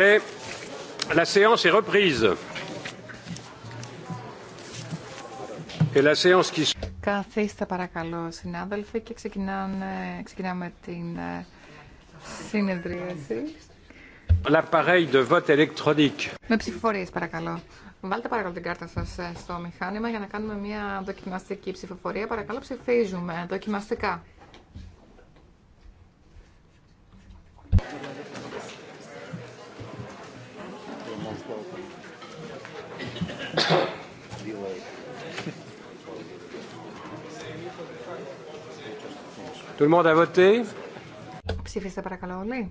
Et la séance est reprise. Et la séance qui... Καθίστε παρακαλώ συνάδελφοι και ξεκινάμε, ξεκινάμε την ε, συνεδρίαση. L'appareil de vote électronique. Με ψηφοφορίες παρακαλώ. Βάλτε παρακαλώ την κάρτα σα ε, στο μηχάνημα για να κάνουμε μια δοκιμαστική ψηφοφορία. Παρακαλώ ψηφίζουμε δοκιμαστικά. Tout le monde a voté. Ψήφιστε παρακαλώ όλοι.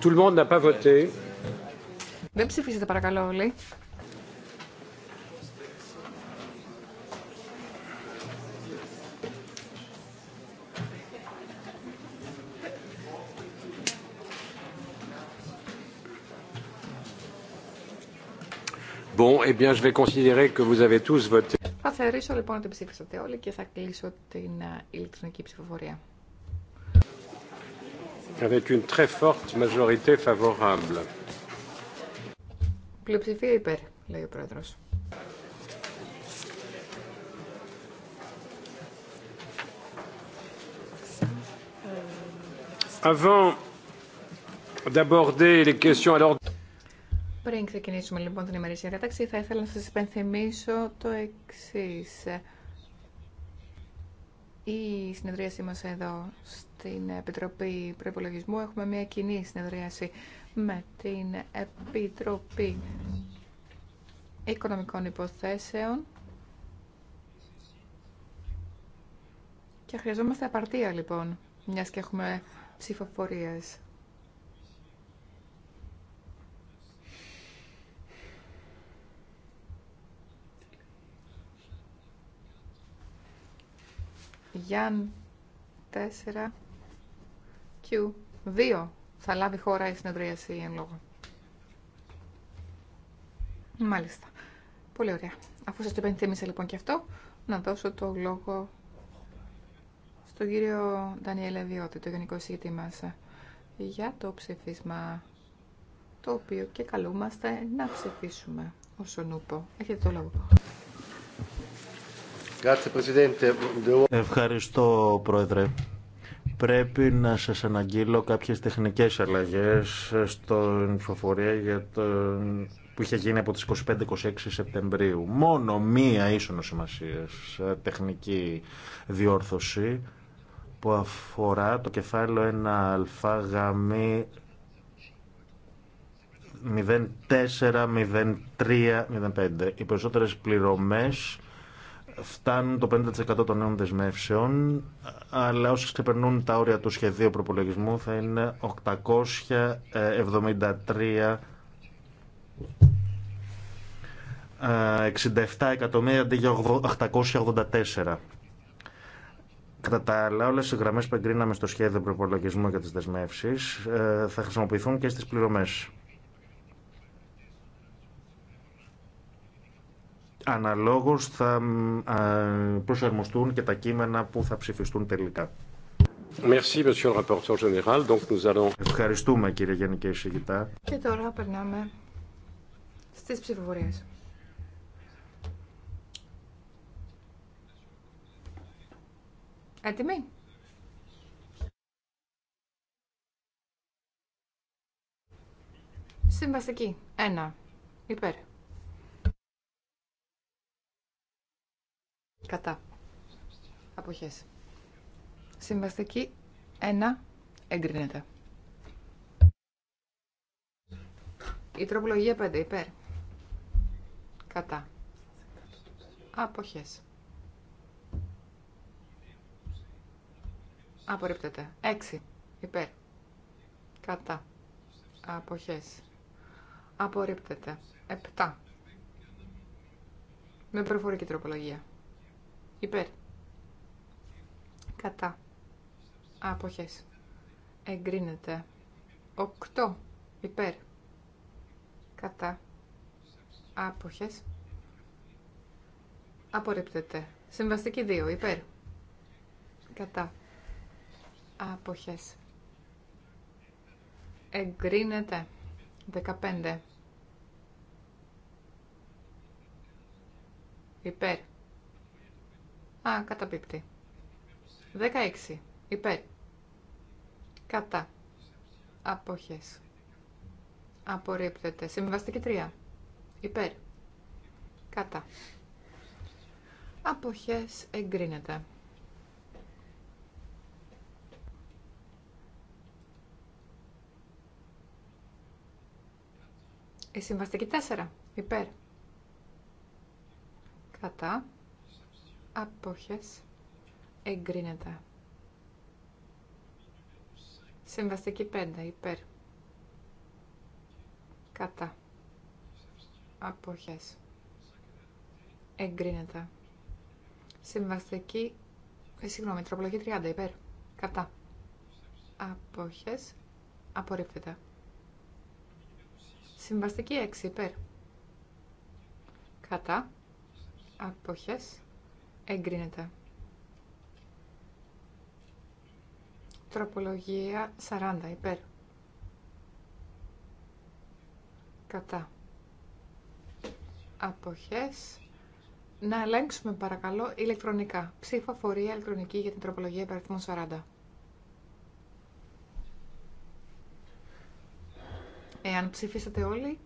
Tout le monde n'a pas voté. Δεν ψηφίσετε παρακαλώ όλοι. Bon, eh bien, je vais considérer que vous avez tous voté. Θα θεωρήσω λοιπόν ότι ψήφισατε όλοι και θα κλείσω την ηλεκτρονική ψηφοφορία. Avec une très forte majorité favorable. Πλειοψηφία υπέρ, λέει ο πρόεδρος. Avant d'aborder les questions à l'ordre πριν ξεκινήσουμε λοιπόν την ημερήσια κατάξη, θα ήθελα να σας υπενθυμίσω το εξής. Η συνεδρίασή μας εδώ στην Επιτροπή Προϋπολογισμού έχουμε μια κοινή συνεδρίαση με την Επιτροπή Οικονομικών Υποθέσεων και χρειαζόμαστε απαρτία λοιπόν, μιας και έχουμε ψηφοφορίες. Γιάν 4Q2 θα λάβει χώρα η συνεδρίαση εν λόγω. Μάλιστα. Πολύ ωραία. Αφού σας το υπενθύμισα λοιπόν και αυτό, να δώσω το λόγο στον κύριο Ντανιέλε Βιώτη, το Γενικό Εισηγητή μας, για το ψηφίσμα το οποίο και καλούμαστε να ψηφίσουμε όσον ούπο. Έχετε το λόγο. Ευχαριστώ, Πρόεδρε. Πρέπει να σας αναγγείλω κάποιες τεχνικές αλλαγές στο ψηφοφορία που είχε γίνει από τις 25-26 Σεπτεμβρίου. Μόνο μία ίσονο σημασία τεχνική διόρθωση που αφορά το κεφάλαιο 1α γαμή 04-03-05. Οι περισσότερες πληρωμές φτάνουν το 50% των νέων δεσμεύσεων, αλλά όσοι ξεπερνούν τα όρια του σχεδίου προπολογισμού θα είναι 873 67 ε, εκατομμύρια αντί για 884. Κατά τα άλλα, όλε οι γραμμέ που εγκρίναμε στο σχέδιο προπολογισμού για τι δεσμεύσει ε, θα χρησιμοποιηθούν και στι πληρωμέ. Αναλόγως θα προσαρμοστούν και τα κείμενα που θα ψηφιστούν τελικά. Ευχαριστούμε κύριε Γενική Συγητά. Και τώρα περνάμε στις ψηφοφορίες. Έτοιμοι. Συμβαστική. Ένα. Υπέρ. Κατά. Αποχές. Συμβαστική 1 εγκρίνεται. Η τροπολογία 5 υπέρ. Κατά. Αποχές. Απορρίπτεται. 6 υπέρ. Κατά. Αποχές. Απορρίπτεται. 7. Με προφορική τροπολογία. Υπέρ. Κατά. Άποχες. Εγκρίνεται. Οκτώ. Υπέρ. Κατά. Άποχες. Απορρίπτεται. Συμβαστική δύο. Υπέρ. Κατά. Άποχες. Εγκρίνεται. 15. Υπέρ. Α, καταπίπτει. 16. Υπέρ. Κατά. Απόχες. Απορρίπτεται. Συμβαστική 3. Υπέρ. Κατά. Αποχές εγκρίνεται. Η συμβαστική 4. Υπέρ. Κατά απόχες εγκρίνεται. Συμβαστική 5 υπέρ κατά απόχες εγκρίνεται. Συμβαστική, ε, συγγνώμη, τροπολογή 30 υπέρ κατά απόχες απορρίπτεται. Συμβαστική 6 υπέρ κατά απόχες Εγκρίνεται. Τροπολογία 40 υπέρ. Κατά. Αποχές. Να ελέγξουμε παρακαλώ ηλεκτρονικά. Ψηφοφορία ηλεκτρονική για την τροπολογία αριθμών 40. Εάν ψηφίσατε όλοι,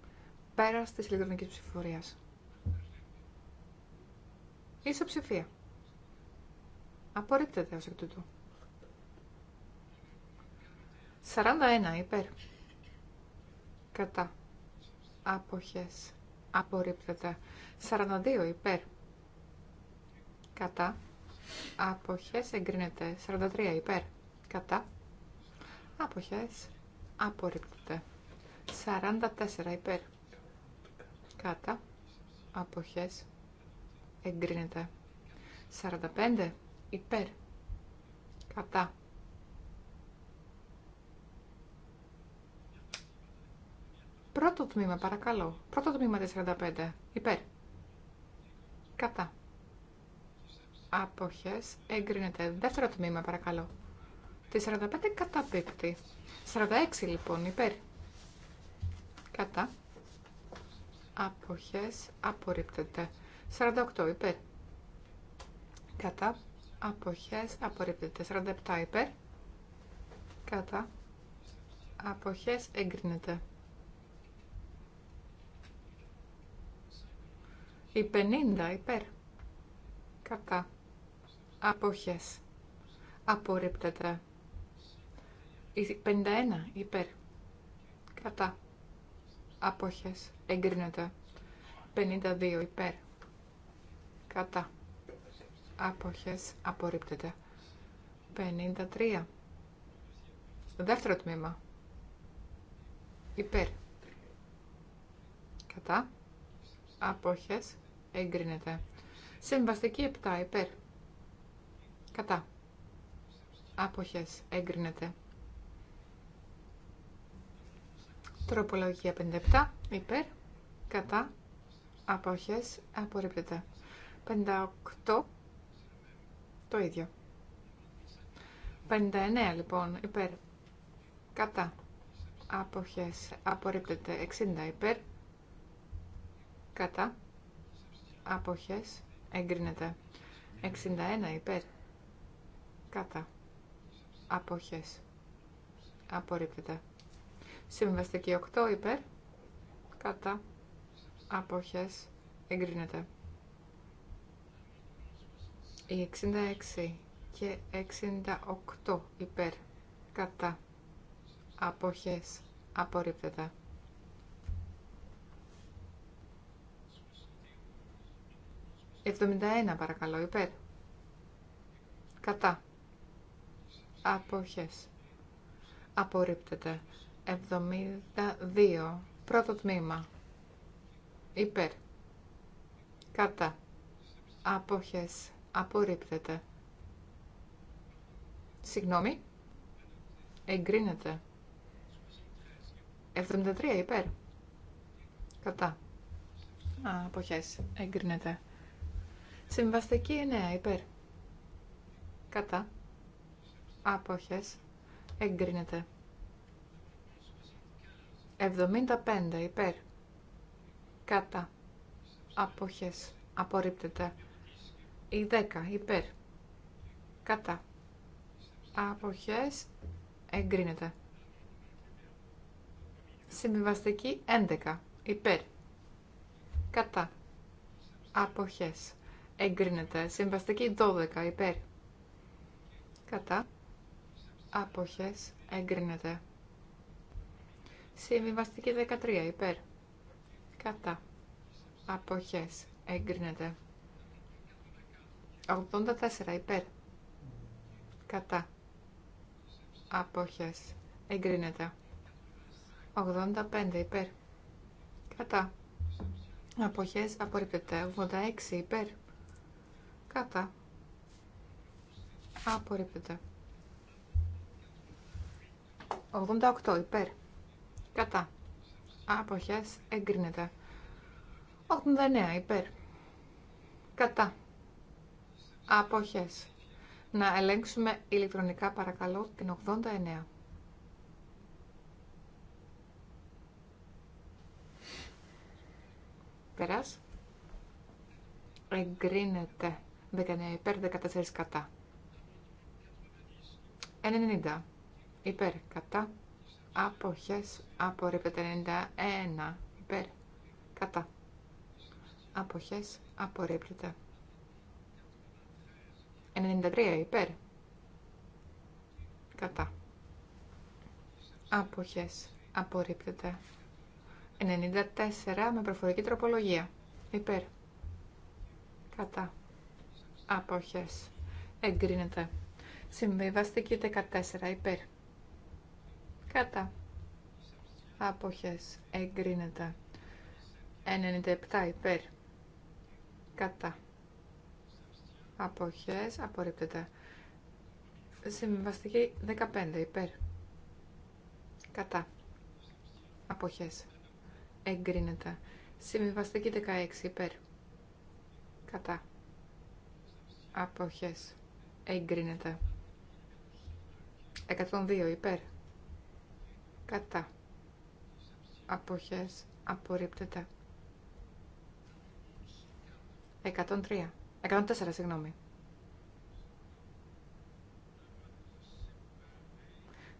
πέρα της ηλεκτρονικής ψηφοφορίας. Ισοψηφία. Απορρίπτεται ως εκ τούτου. 41 υπέρ. Κατά. Αποχές. Απορρίπτεται. 42 υπέρ. Κατά. Αποχές εγκρίνεται. 43 υπέρ. Κατά. Αποχές. Απορρίπτεται. 44 υπέρ. Κατά. Αποχές εγκρίνεται. 45 υπέρ κατά. Πρώτο τμήμα, παρακαλώ. Πρώτο τμήμα 45. Υπέρ. Κατά. Άποχες. Εγκρίνεται. Δεύτερο τμήμα, παρακαλώ. Τη 45 καταπίπτει. 46 λοιπόν, υπέρ. Κατά. Άποχες. Απορρίπτεται. 48 υπέρ. Κατά αποχές απορρίπτεται. 47 υπέρ. Κατά αποχές εγκρίνεται. Η 50 υπέρ. Κατά αποχές απορρίπτεται. Η 51 υπέρ. Κατά αποχές εγκρίνεται. 52 υπέρ κατά αποχές απορρίπτεται 53 δεύτερο τμήμα υπέρ κατά αποχές εγκρίνεται συμβαστική 7 υπέρ κατά αποχές εγκρίνεται τροπολογία 57 υπέρ κατά αποχές απορρίπτεται 58. Το ίδιο. 59 λοιπόν υπέρ. Κατά. Αποχές. Απορρίπτεται. 60 υπέρ. Κατά. Αποχές. Εγκρίνεται. 61 υπέρ. Κατά. Αποχές. Απορρίπτεται. Συμβαστική 8 υπέρ. Κατά. Αποχές. Εγκρίνεται. Η 66 και 68 υπέρ κατά αποχές απορρίπτεται. 71 παρακαλώ υπέρ κατά αποχές απορρίπτεται. 72 πρώτο τμήμα υπέρ κατά αποχές Απορρίπτεται. Συγγνώμη. Εγκρίνεται. 73 υπέρ. Κατά. Α, αποχές. Εγκρίνεται. Συμβαστική 9 υπέρ. Κατά. Αποχές. Εγκρίνεται. 75 υπέρ. Κατά. Αποχές. Απορρίπτεται. Η 10 υπέρ. Κατά. Αποχές εγκρίνεται. Συμβιβαστική 11 υπέρ. Κατά. Αποχές εγκρίνεται. Συμβαστική 12 υπέρ. Κατά. Αποχές εγκρίνεται. Συμβιβαστική 13 υπέρ. Κατά. Αποχές εγκρίνεται. 84 υπέρ. Κατά. Απόχες. Εγκρίνεται. 85 υπέρ. Κατά. Αποχές απορρίπτεται. 86 υπέρ. Κατά. Απορρίπτεται. 88 υπέρ. Κατά. Αποχές εγκρίνεται. 89 υπέρ. Κατά. Αποχές. Να ελέγξουμε ηλεκτρονικά παρακαλώ την 89. Περάς. Εγκρίνεται. 19 υπέρ, 14 κατά. 90 υπέρ, κατά. Αποχές. Απορρίπτεται 91 υπέρ, κατά. Αποχές. Απορρίπτεται. 93 υπέρ. Κατά. Αποχές. Απορρίπτεται. 94 με προφορική τροπολογία. Υπέρ. Κατά. Αποχές. Εγκρίνεται. Συμβιβαστική 14 υπέρ. Κατά. Αποχές. Εγκρίνεται. 97 υπέρ. Κατά αποχές απορρίπτεται. Συμβαστική 15 υπέρ. Κατά. Αποχές. Εγκρίνεται. Συμβαστική 16 υπέρ. Κατά. Αποχές. Εγκρίνεται. 102 υπέρ. Κατά. Αποχές. Απορρίπτεται. 103 104, συγγνώμη.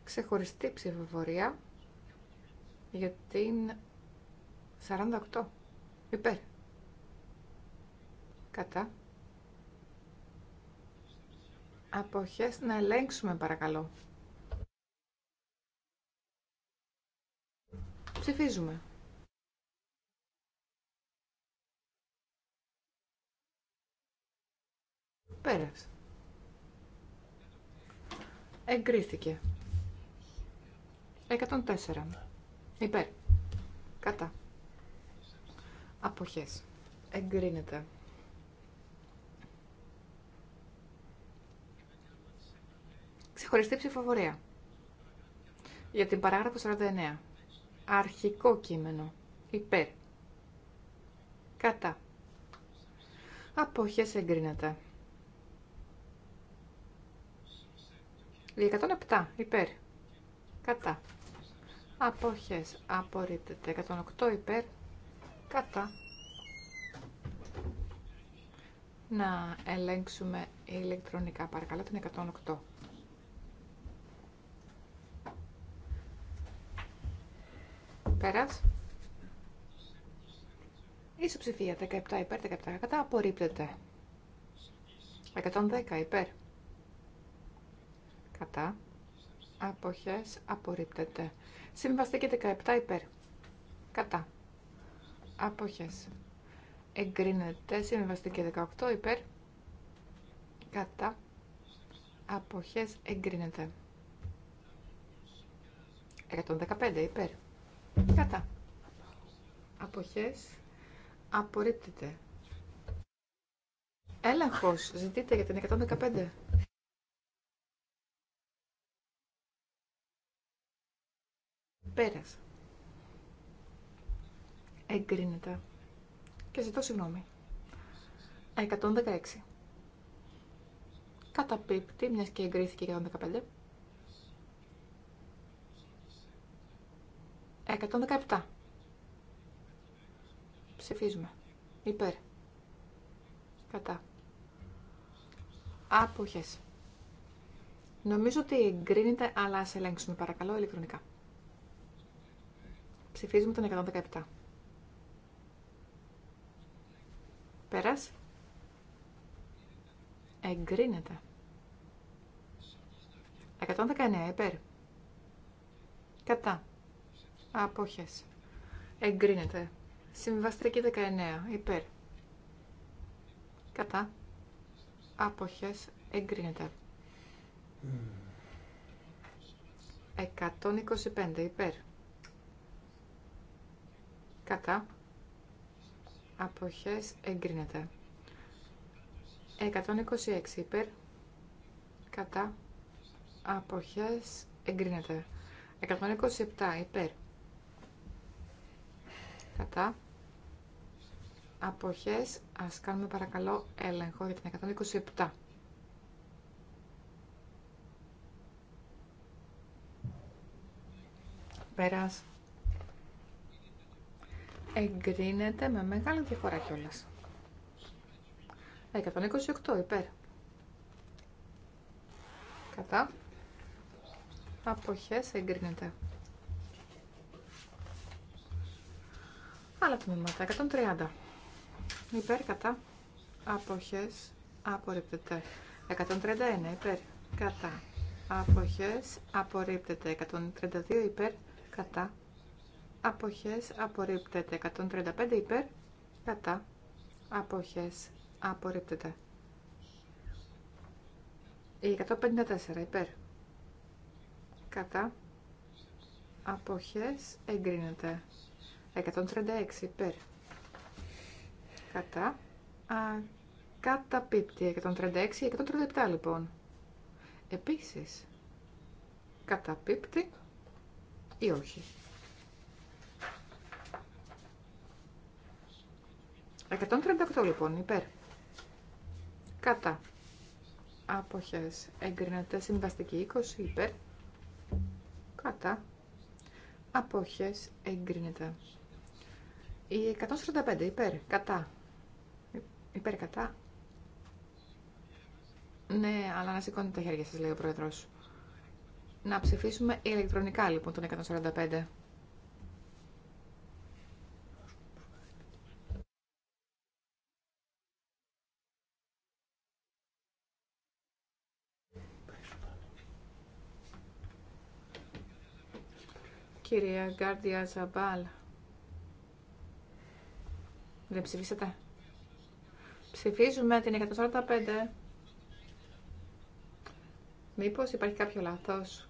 Ξεχωριστή ψηφοφορία για την 48. Υπέρ. Κατά. Αποχές να ελέγξουμε παρακαλώ. Ψηφίζουμε. Πέρασε. Εγκρίθηκε. 104. Υπέρ. Κατά. Αποχές. Εγκρίνεται. Ξεχωριστή ψηφοφορία. Για την παράγραφο 49. Αρχικό κείμενο. Υπέρ. Κατά. Αποχές εγκρίνεται. 107 υπέρ. Κατά. Αποχές. Απορρίπτεται. 108 υπέρ. Κατά. Να ελέγξουμε ηλεκτρονικά παρακαλώ την 108. Πέρας. Ισοψηφία 17 υπέρ, 17 κατά, απορρίπτεται. 110 υπέρ. Κατά. Αποχές απορρίπτεται. Συμβαστική 17 υπέρ. Κατά. Αποχές. Εγκρίνεται. Συμβαστική 18 υπέρ. Κατά. Αποχές εγκρίνεται. 115 υπέρ. Κατά. Αποχές απορρίπτεται. Έλεγχος ζητείτε για την 115. Πέρας. Εγκρίνεται. Και ζητώ συγγνώμη. 116. Καταπίπτει, μιας και εγκρίθηκε 115. 117. Ψηφίζουμε. Υπέρ. Κατά. Αποχές. Νομίζω ότι εγκρίνεται, αλλά ας ελέγξουμε παρακαλώ ηλεκτρονικά. Ψηφίζουμε τον 117. Πέρας. Εγκρίνεται. 119 υπέρ. Κατά. Απόχες. Εγκρίνεται. Συμβαστική 19 υπέρ. Κατά. Απόχες. Εγκρίνεται. 125 υπέρ κατά αποχές εγκρίνεται 126 υπέρ κατά αποχές εγκρίνεται 127 υπέρ κατά αποχές ας κάνουμε παρακαλώ έλεγχο για την 127 πέρας Εγκρίνεται με μεγάλη διαφορά κιόλα. 128 υπέρ. Κατά. Αποχές εγκρίνεται. Άλλα τμήματα. 130. Υπέρ κατά. Αποχές απορρίπτεται. 131 υπέρ κατά. Αποχές απορρίπτεται. 132 υπέρ κατά αποχές απορρίπτεται 135 υπέρ κατά αποχές απορρίπτεται 154 υπέρ κατά αποχές εγκρίνεται 136 υπέρ κατά α, καταπίπτει 136 137 λοιπόν επίσης καταπίπτει ή όχι 138 λοιπόν, υπέρ. Κατά. Αποχές. Εγκρίνεται συμβαστική 20 υπέρ. Κατά. Αποχές. Εγκρίνεται. Η 145 υπέρ. Κατά. Υπέρ κατά. Ναι, αλλά να σηκώνετε τα χέρια σας λέει ο πρόεδρος. Να ψηφίσουμε ηλεκτρονικά λοιπόν τον 145. Κυρία Γκάρντια Ζαμπάλ. Δεν ψηφίσατε. Ψηφίζουμε την 145. Μήπως υπάρχει κάποιο λάθος.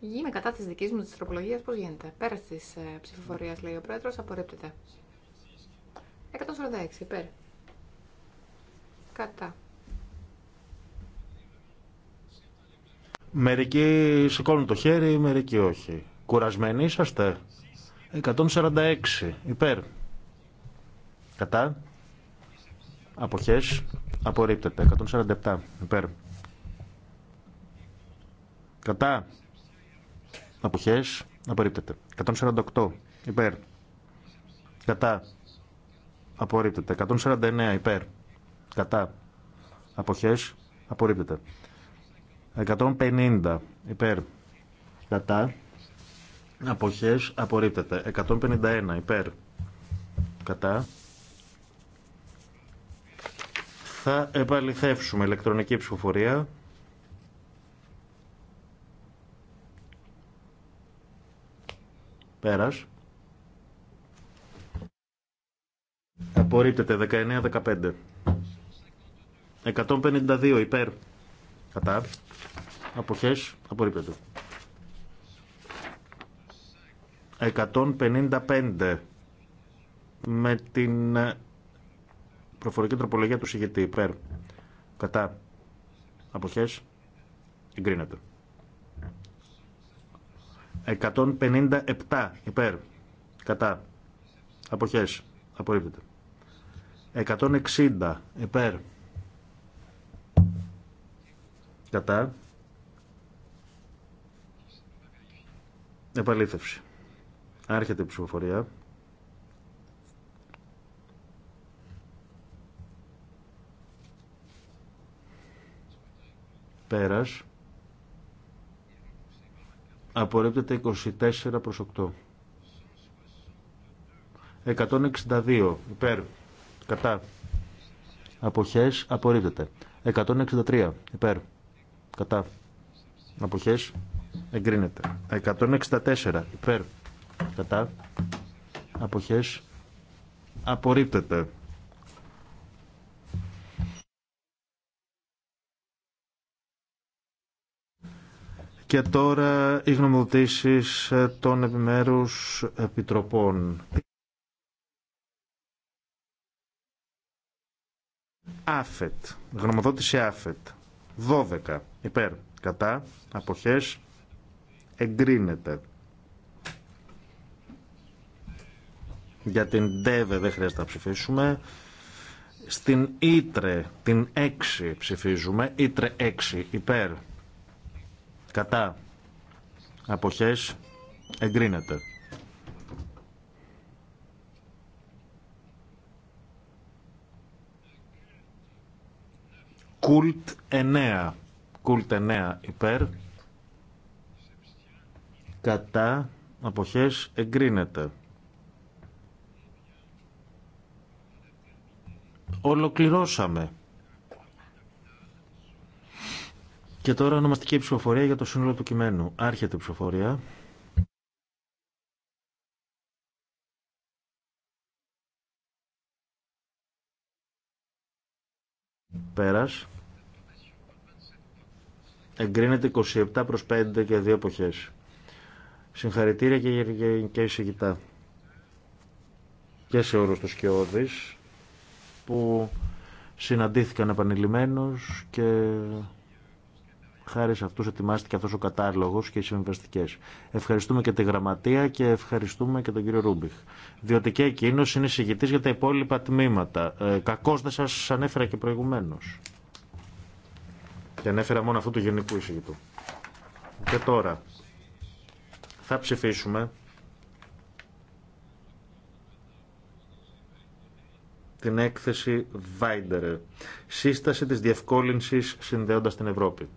Είμαι κατά της δικής μου της τροπολογίας. Πώς γίνεται. Πέρα της ψηφοφορία ε, ψηφοφορίας, λέει ο πρόεδρος, απορρίπτεται. 146, υπέρ. Κατά. Μερικοί σηκώνουν το χέρι, μερικοί όχι. Κουρασμένοι είσαστε. 146 υπέρ. Κατά. Αποχές. Απορρίπτεται. 147 υπέρ. Κατά. Αποχές. Απορρίπτεται. 148 υπέρ. Κατά. Απορρίπτεται. 149 υπέρ. Κατά. Αποχές. Απορρίπτεται. 150 υπέρ κατά αποχές απορρίπτεται 151 υπέρ κατά θα επαληθεύσουμε ηλεκτρονική ψηφοφορία πέρας απορρίπτεται 19-15 152 υπέρ κατά Αποχές. Απορρίπτεται. 155 με την ε, προφορική τροπολογία του συγγετή υπέρ κατά αποχές εγκρίνεται 157 υπέρ κατά αποχές απορρίπτεται 160 υπέρ κατά Επαλήθευση. Άρχεται η ψηφοφορία. Πέρας. Απορρίπτεται 24 προς 8. 162 υπέρ. Κατά. Αποχές απορρίπτεται. 163 υπέρ. Κατά. Αποχές εγκρίνεται. 164 υπέρ κατά αποχές απορρίπτεται. Και τώρα οι γνωμοδοτήσεις ε, των επιμέρους επιτροπών. Άφετ. Γνωμοδότηση Άφετ. 12. Υπέρ. Κατά. Αποχές εγκρίνεται. Για την ΔΕΒΕ δεν χρειάζεται να ψηφίσουμε. Στην Ήτρε, την 6 ψηφίζουμε. Ήτρε 6, υπέρ. Κατά. Αποχές, εγκρίνεται. Κουλτ 9. Κουλτ 9 υπέρ κατά αποχές εγκρίνεται. Ολοκληρώσαμε. Και τώρα ονομαστική ψηφοφορία για το σύνολο του κειμένου. Άρχεται η ψηφοφορία. Πέρας. Εγκρίνεται 27 προς 5 και 2 εποχές. Συγχαρητήρια και η γενικά εισηγητά και σε όλους του Σκιώδης που συναντήθηκαν επανειλημμένως και χάρη σε αυτούς ετοιμάστηκε αυτός ο κατάλογος και οι συμβαστικές. Ευχαριστούμε και τη Γραμματεία και ευχαριστούμε και τον κύριο Ρούμπιχ. Διότι και εκείνο είναι συγητής για τα υπόλοιπα τμήματα. Ε, κακώς δεν σας ανέφερα και προηγουμένως. Και ανέφερα μόνο αυτού του γενικού εισηγητού. Και τώρα θα ψηφίσουμε την έκθεση Βάιντερε, σύσταση της διευκόλυνσης συνδέοντας την Ευρώπη.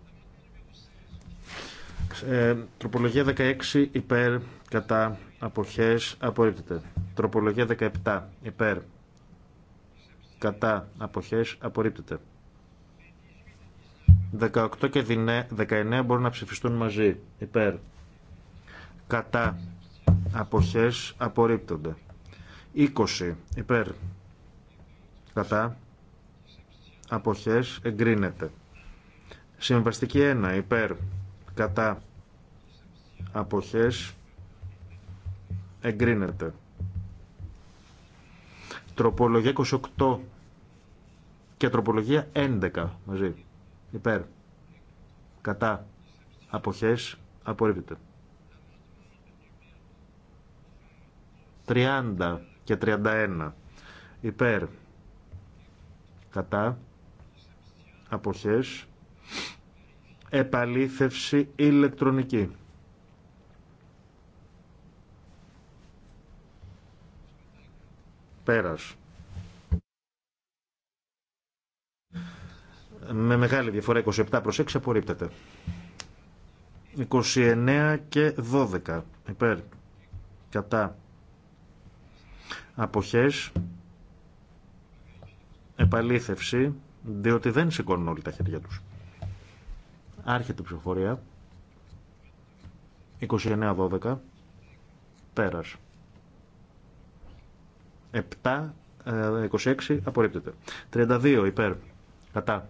Ε, τροπολογία 16 υπέρ κατά αποχές απορρίπτεται. Τροπολογία 17 υπέρ κατά αποχές απορρίπτεται. 18 και 19 μπορούν να ψηφιστούν μαζί υπέρ κατά αποχές απορρίπτονται 20 υπέρ κατά αποχές εγκρίνεται συμβαστική 1 υπέρ κατά αποχές εγκρίνεται τροπολογία 28 και τροπολογία 11 μαζί υπέρ κατά αποχές απορρίπτεται 30 και 31 υπέρ κατά αποχές επαλήθευση ηλεκτρονική. Πέρας. Με μεγάλη διαφορά 27 προς 6 απορρίπτεται. 29 και 12 υπέρ κατά αποχές επαλήθευση διότι δεν σηκώνουν όλοι τα χέρια τους άρχεται η ψηφοφορία 29-12 πέρας 7 26 ε, απορρίπτεται 32 υπέρ κατά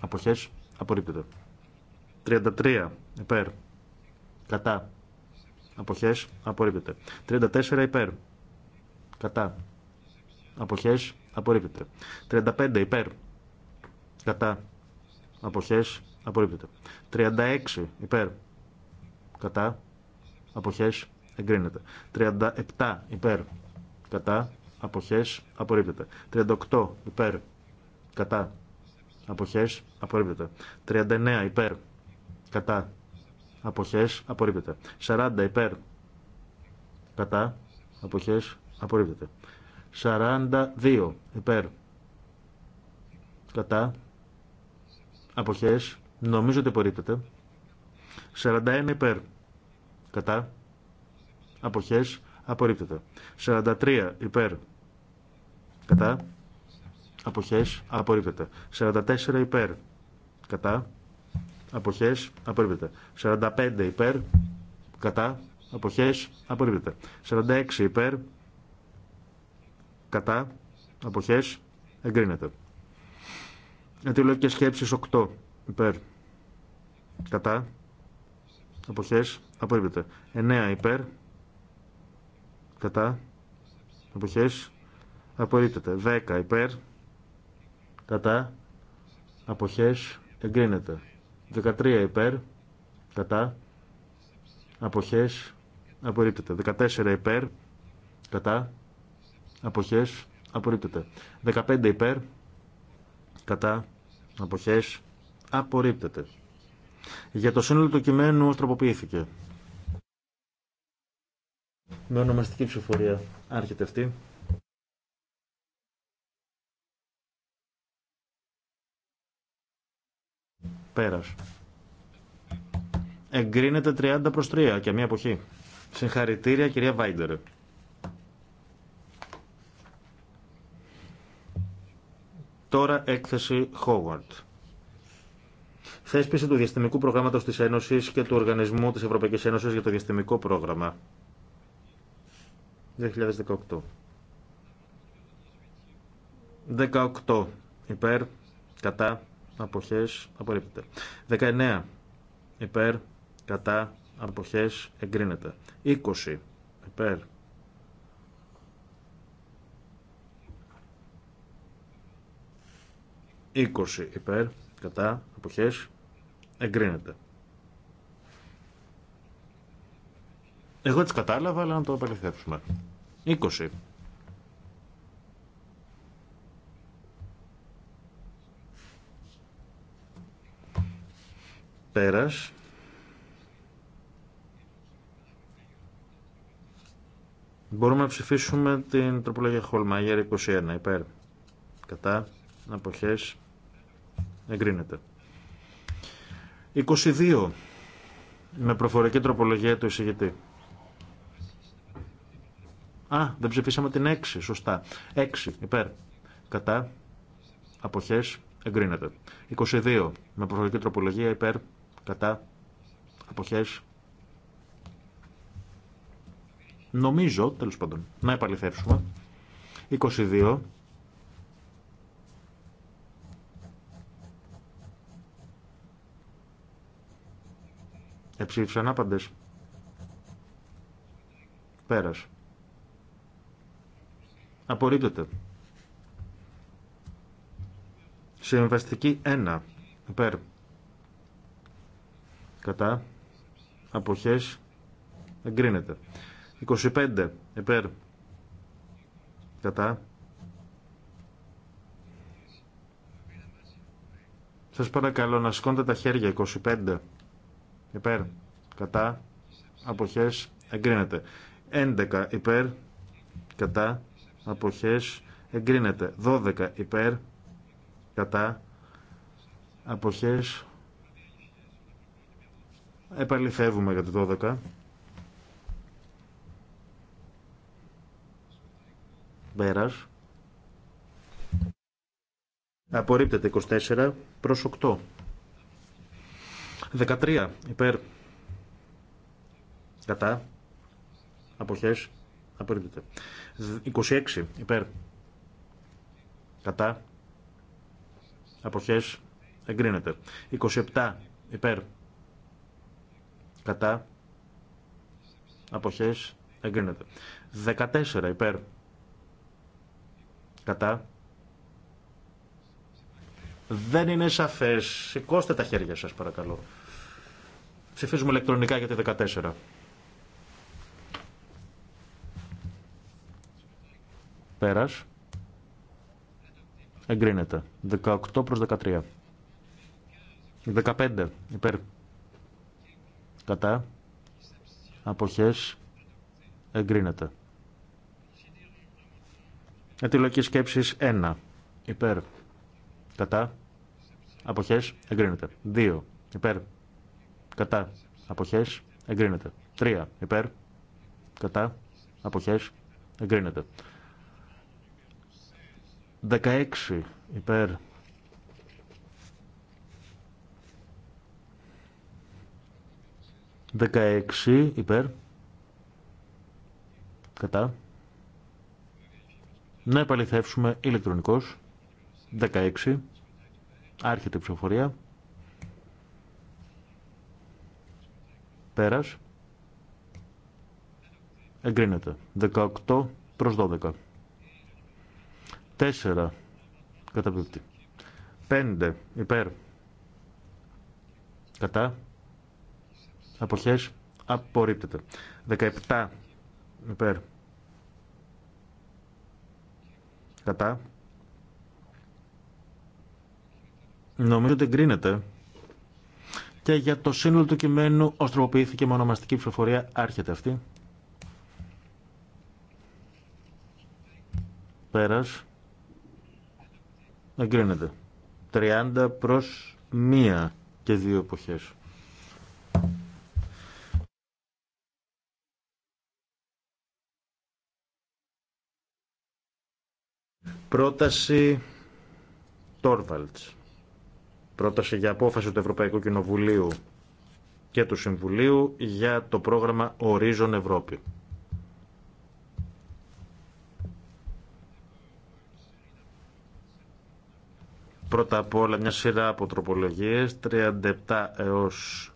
αποχές απορρίπτεται 33 υπέρ κατά αποχές απορρίπτεται 34 υπέρ Κατά. αποχέ Απορρίπτεται. 35 υπέρ. Κατά. Αποχές. Απορρίπτεται. 36 υπέρ. Κατά. απόχέ, Εγκρίνεται. 37 υπέρ. Κατά. Αποχές. Απορρίπτεται. 38 υπέρ. Κατά. Αποχές. Απορρίπτεται. 39 υπέρ. Κατά. Αποχές. Απορρίπτεται. 40 υπέρ. Κατά. Αποχές. Απορρίπτεται. 42 υπέρ. Κατά. Αποχές. Νομίζω ότι απορρίπτεται. 41 υπέρ. Κατά. Αποχές. Απορρίπτεται. 43 υπέρ. Κατά. Αποχές. Απορρίπτεται. 44 υπέρ. Κατά. Αποχές. Απορρίπτεται. 45 υπέρ. Κατά. Αποχές. Απορρίπτεται. 46 υπέρ. Κατά. Αποχές. Εγκρίνεται. Αντιλογικές σκέψεις 8. Υπέρ. Κατά. Αποχές. Απορρίπτεται. 9. Υπέρ. Κατά. Αποχές. Απορρίπτεται. 10. Υπέρ. Κατά. Αποχές. Εγκρίνεται. 13. Υπέρ. Κατά. Αποχές. Απορρίπτεται. 14. Υπέρ. Κατά αποχές απορρίπτεται. 15 υπέρ, κατά, αποχές απορρίπτεται. Για το σύνολο του κειμένου τροποποιήθηκε. Με ονομαστική ψηφοφορία άρχεται αυτή. Πέρας. Εγκρίνεται 30 προς 3 και μία αποχή. Συγχαρητήρια κυρία Βάιντερ. Τώρα έκθεση Howard. Θέσπιση του Διαστημικού πρόγραμματο τη Ένωση και του Οργανισμού τη Ευρωπαϊκή Ένωση για το Διαστημικό Πρόγραμμα. 2018. 18. Υπέρ, κατά, αποχές, απορρίπτεται. 19. Υπέρ, κατά, αποχές, εγκρίνεται. 20. Υπέρ, 20 υπέρ, κατά, αποχές, εγκρίνεται. Εγώ τις κατάλαβα, αλλά να το απελευθεύσουμε. 20. Πέρας. Μπορούμε να ψηφίσουμε την τροπολογία Χολμαγέρ 21 υπέρ. Κατά. Αποχές. Εγκρίνεται. 22. Με προφορική τροπολογία του εισηγητή. Α, δεν ψηφίσαμε την 6. Σωστά. 6. Υπέρ. Κατά. Αποχές. Εγκρίνεται. 22. Με προφορική τροπολογία. Υπέρ. Κατά. Αποχές. Νομίζω, τέλος πάντων, να επαληθεύσουμε. 22. Εψήφισαν άπαντες. Πέρας. Απορρίπτεται. Συμβαστική 1. Υπέρ. Κατά. Αποχές. Εγκρίνεται. 25. Υπέρ. Κατά. Σας παρακαλώ να σηκώνετε τα χέρια. 25 υπέρ, κατά, αποχές, εγκρίνεται. 11 υπέρ, κατά, αποχές, εγκρίνεται. 12 υπέρ, κατά, αποχές, επαληθεύουμε για το 12. Πέρας. Απορρίπτεται 24 προς 8. 13 υπέρ κατά αποχές απορρίπτεται 26 υπέρ κατά αποχές εγκρίνεται 27 υπέρ κατά αποχές εγκρίνεται 14 υπέρ κατά δεν είναι σαφές σηκώστε τα χέρια σας παρακαλώ Ψηφίζουμε ηλεκτρονικά για τη 14. Πέρας. Εγκρίνεται. 18 προς 13. 15 υπέρ. Κατά. Αποχές. Εγκρίνεται. Ετυλογική σκέψη 1. Υπέρ. Κατά. Αποχές. Εγκρίνεται. 2. Υπέρ. Κατά. απόχέ, Εγκρίνεται. 3. Υπέρ. Κατά. απόχέ, Εγκρίνεται. 16. Υπέρ. 16 υπέρ. Κατά. Να επαληθεύσουμε ηλεκτρονικός. 16. Άρχεται η ψηφοφορία. Πέρας. Εγκρίνεται. 18 προς 12. 4 καταπίπτει. 5 υπέρ. Κατά. Αποχές. Απορρίπτεται. 17 υπέρ. Κατά. Νομίζω ότι εγκρίνεται και για το σύνολο του κειμένου ως τροποποιήθηκε με ονομαστική ψηφοφορία. Άρχεται αυτή. Πέρας. Εγκρίνεται. 30 προς 1 και 2 εποχές. Πρόταση Τόρβαλτς πρόταση για απόφαση του Ευρωπαϊκού Κοινοβουλίου και του Συμβουλίου για το πρόγραμμα Ορίζον Ευρώπη. Πρώτα απ' όλα μια σειρά από τροπολογίες, 37 έως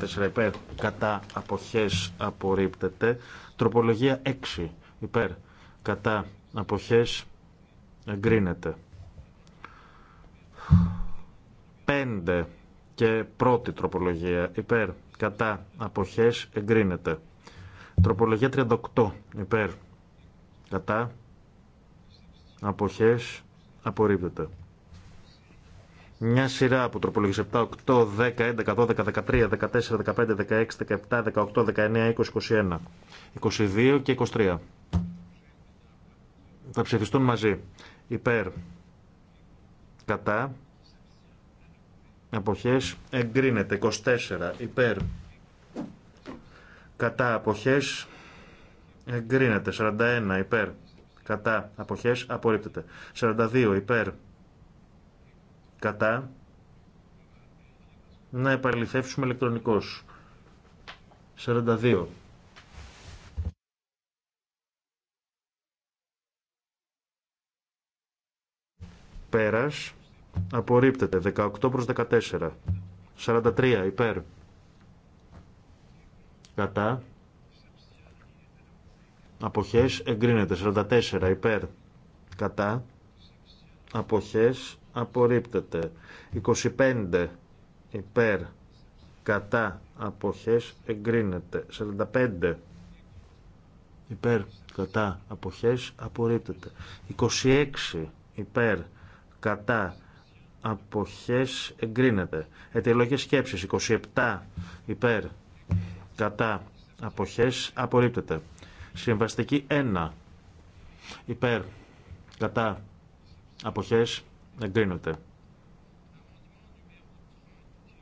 4 υπέρ, κατά αποχές απορρίπτεται. Τροπολογία 6 υπέρ, κατά αποχές εγκρίνεται. 5 και πρώτη τροπολογία υπέρ κατά αποχές εγκρίνεται. Τροπολογία 38 υπέρ κατά αποχές απορρίπτεται. Μια σειρά από τροπολογίες 7, 8, 10, 11, 12, 13, 14, 15, 16, 17, 18, 19, 20, 21, 22 και 23. Θα ψηφιστούν μαζί. Υπέρ, κατά, αποχές εγκρίνεται 24 υπέρ κατά αποχές εγκρίνεται 41 υπέρ κατά αποχές απορρίπτεται 42 υπέρ κατά να επαληθεύσουμε ηλεκτρονικός 42 πέρας Απορρίπτεται. 18 προς 14. 43 υπέρ. Κατά. Αποχές εγκρίνεται. 44 υπέρ. Κατά. Αποχές απορρίπτεται. 25 υπέρ. Κατά. Αποχές εγκρίνεται. 45 υπέρ. Κατά. Αποχές απορρίπτεται. 26 υπέρ. Κατά αποχές εγκρίνεται. Εταιρεολογικές σκέψεις 27 υπέρ κατά αποχές απορρίπτεται. Συμβαστική 1 υπέρ κατά αποχές εγκρίνεται.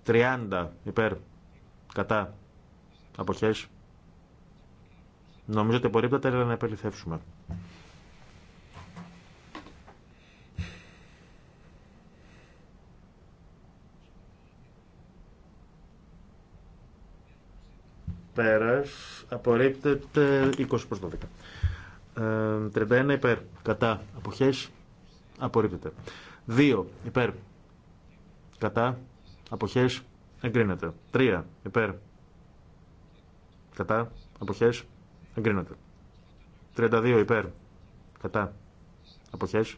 30 υπέρ κατά αποχές. Νομίζω ότι απορρίπτεται, αλλά να επεληθεύσουμε. Πέρας. Απορρίπτεται 20 προ 12. Ε, 31 υπέρ. Κατά. Αποχές. Απορρίπτεται. 2 υπέρ. Κατά. Αποχές. Εγκρίνεται. 3 υπέρ. Κατά. Αποχές. Εγκρίνεται. 32 υπέρ. Κατά. Αποχές.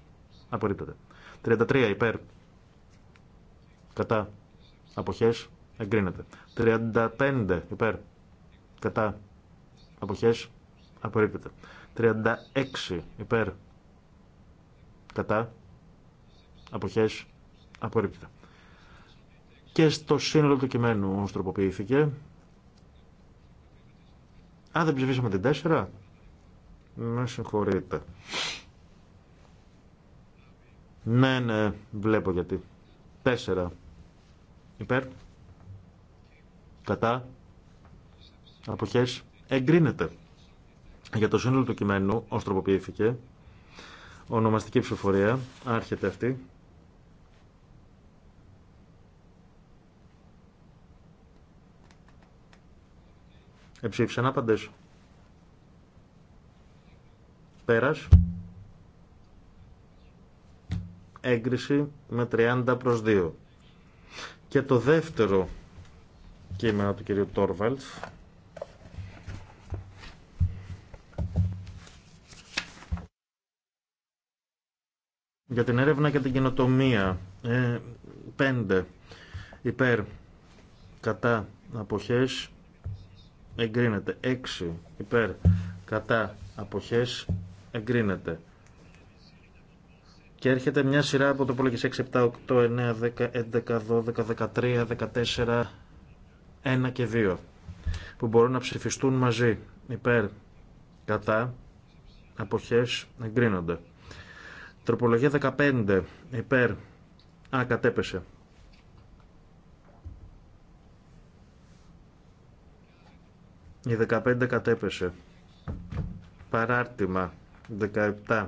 Απορρίπτεται. 33 υπέρ. Κατά. Αποχές. Εγκρίνεται. 35 υπέρ. Κατά. Αποχές. Απορρίπτεται. 36 υπέρ. Κατά. Αποχές. Απορρίπτεται. Και στο σύνολο του κειμένου όμως τροποποιήθηκε. Α, δεν ψηφίσαμε την 4. Με συγχωρείτε. Ναι, ναι, βλέπω γιατί. 4. Υπέρ. Κατά αποχές εγκρίνεται. Για το σύνολο του κειμένου, ω τροποποιήθηκε, ονομαστική ψηφοφορία, άρχεται αυτή. Εψήφισαν άπαντες. Πέρα. Έγκριση με 30 προς 2. Και το δεύτερο κείμενο του κυρίου Τόρβαλτ, Για την έρευνα και την καινοτομία. 5. Ε, υπέρ. Κατά. Αποχές. Εγκρίνεται. 6. Υπέρ. Κατά. Αποχές. Εγκρίνεται. Και έρχεται μια σειρά από το 6, 7, 8, 9, 10, 11, 12, 13, 14, 1 και 2 που μπορούν να ψηφιστούν μαζί υπέρ κατά αποχές εγκρίνονται. Τροπολογία 15. Υπέρ. Α, κατέπεσε. Η 15 κατέπεσε. Παράρτημα. 17.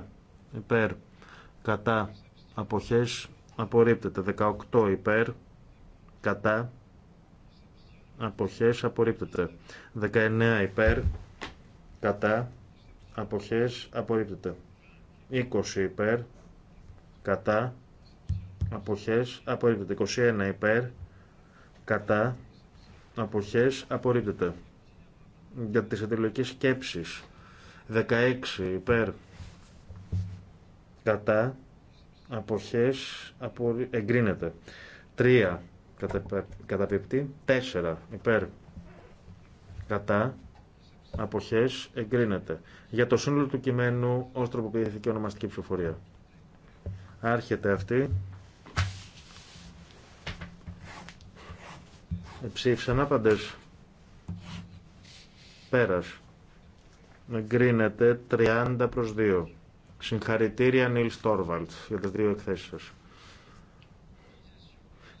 Υπέρ. Κατά. Αποχές. Απορρίπτεται. 18. Υπέρ. Κατά. Αποχές. Απορρίπτεται. 19. Υπέρ. Κατά. Αποχές. Απορρίπτεται. 20 υπέρ, κατά, αποχές, απορρίπτεται. 21 υπέρ, κατά, αποχές, απορρίπτεται. Για τις αντιλογικές σκέψεις. 16 υπέρ, κατά, αποχές, απορρί... εγκρίνεται. 3 καταπεπτή, 4 υπέρ, κατά, Αποχές εγκρίνεται. Για το σύνολο του κειμένου ως τροποποιηθήκε ονομαστική ψηφοφορία. Άρχεται αυτή. Ψήφισαν άπαντε. Πέρας. Εγκρίνεται 30 προ 2. Συγχαρητήρια Νίλ Στόρβαλτ για τι δύο εκθέσει. σα.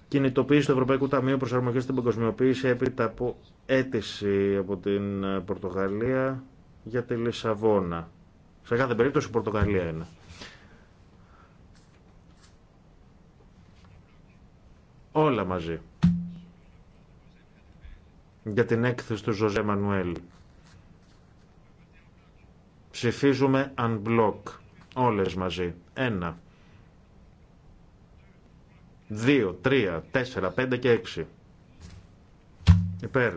Κινητοποίηση του Ευρωπαϊκού Ταμείου Προσαρμογής στην Παγκοσμιοποίηση έπειτα από αίτηση από την ε, Πορτογαλία για τη Λισαβόνα. Σε κάθε περίπτωση η Πορτογαλία είναι. Όλα μαζί. Για την έκθεση του Ζωζέ Μανουέλ. Ψηφίζουμε unblock. Όλες μαζί. Ένα. Δύο, τρία, τέσσερα, πέντε και έξι. Υπέρ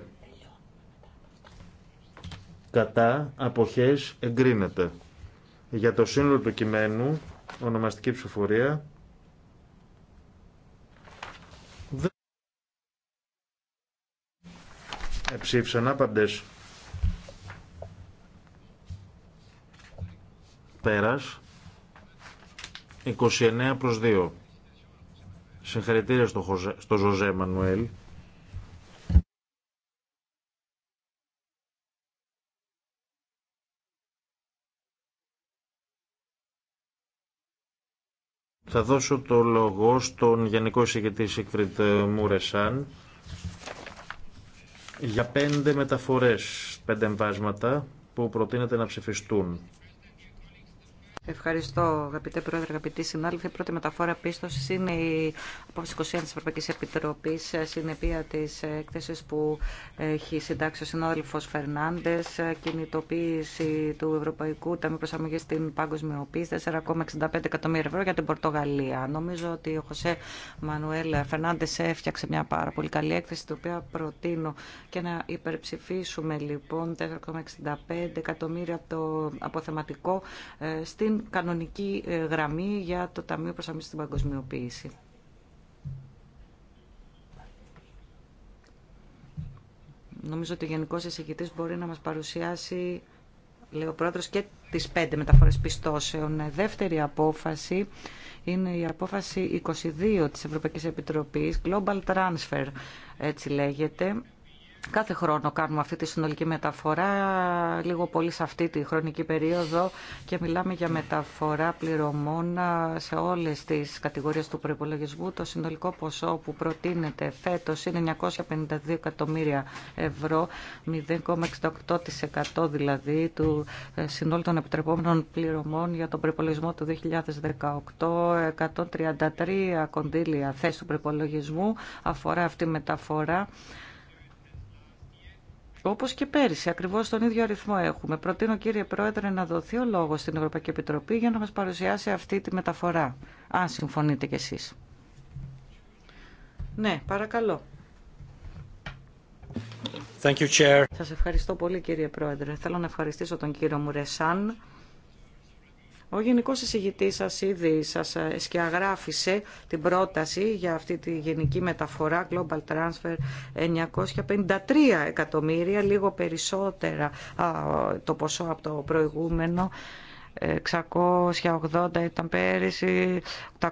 κατά, αποχές, εγκρίνεται. Για το σύνολο του κειμένου, ονομαστική ψηφοφορία. Εψήφισαν άπαντες. Πέρας. 29 προς 2. Συγχαρητήρια στο, Ζωζέ Μανουέλ. Θα δώσω το λόγο στον Γενικό Εισηγητή Σίκφριντ ε, Μούρεσαν για πέντε μεταφορές, πέντε εμβάσματα που προτείνεται να ψηφιστούν. Ευχαριστώ, αγαπητέ Πρόεδρε, αγαπητή συνάδελφοι. Η πρώτη μεταφορά πίστοση είναι η απόφαση 21 τη Ευρωπαϊκή Επιτροπή, ε, συνεπία τη έκθεση που έχει συντάξει ο συνάδελφο Φερνάντε, ε, κινητοποίηση του Ευρωπαϊκού Ταμείου Προσαρμογή στην Παγκοσμιοποίηση, 4,65 εκατομμύρια ευρώ για την Πορτογαλία. Νομίζω ότι ο Χωσέ Μανουέλ Φερνάντε έφτιαξε μια πάρα πολύ καλή έκθεση, την οποία προτείνω και να υπερψηφίσουμε λοιπόν 4,65 εκατομμύρια το αποθεματικό ε, στην κανονική ε, γραμμή για το Ταμείο Προσαρμογής στην Παγκοσμιοποίηση. Νομίζω ότι ο Γενικός Εισηγητής μπορεί να μας παρουσιάσει, λέει ο Πρόεδρος, και τις πέντε μεταφορές πιστώσεων. Δεύτερη απόφαση είναι η απόφαση 22 της Ευρωπαϊκής Επιτροπής, Global Transfer, έτσι λέγεται, Κάθε χρόνο κάνουμε αυτή τη συνολική μεταφορά, λίγο πολύ σε αυτή τη χρονική περίοδο και μιλάμε για μεταφορά πληρωμών σε όλες τις κατηγορίες του προϋπολογισμού. Το συνολικό ποσό που προτείνεται φέτος είναι 952 εκατομμύρια ευρώ, 0,68% δηλαδή του ε, συνόλου των επιτρεπόμενων πληρωμών για τον προϋπολογισμό του 2018, 133 κονδύλια θέση του προϋπολογισμού αφορά αυτή η μεταφορά. Όπως και πέρυσι, ακριβώς τον ίδιο αριθμό έχουμε. Προτείνω κύριε Πρόεδρε να δοθεί ο λόγος στην Ευρωπαϊκή Επιτροπή για να μας παρουσιάσει αυτή τη μεταφορά. Αν συμφωνείτε κι εσείς. Ναι, παρακαλώ. Thank Σας ευχαριστώ πολύ κύριε Πρόεδρε. Θέλω να ευχαριστήσω τον κύριο Μουρεσάν ο Γενικό Εισηγητής σας ήδη σας ε, σκιαγράφησε την πρόταση για αυτή τη γενική μεταφορά Global Transfer 953 εκατομμύρια, λίγο περισσότερα το ποσό από το προηγούμενο. 680 ήταν πέρυσι,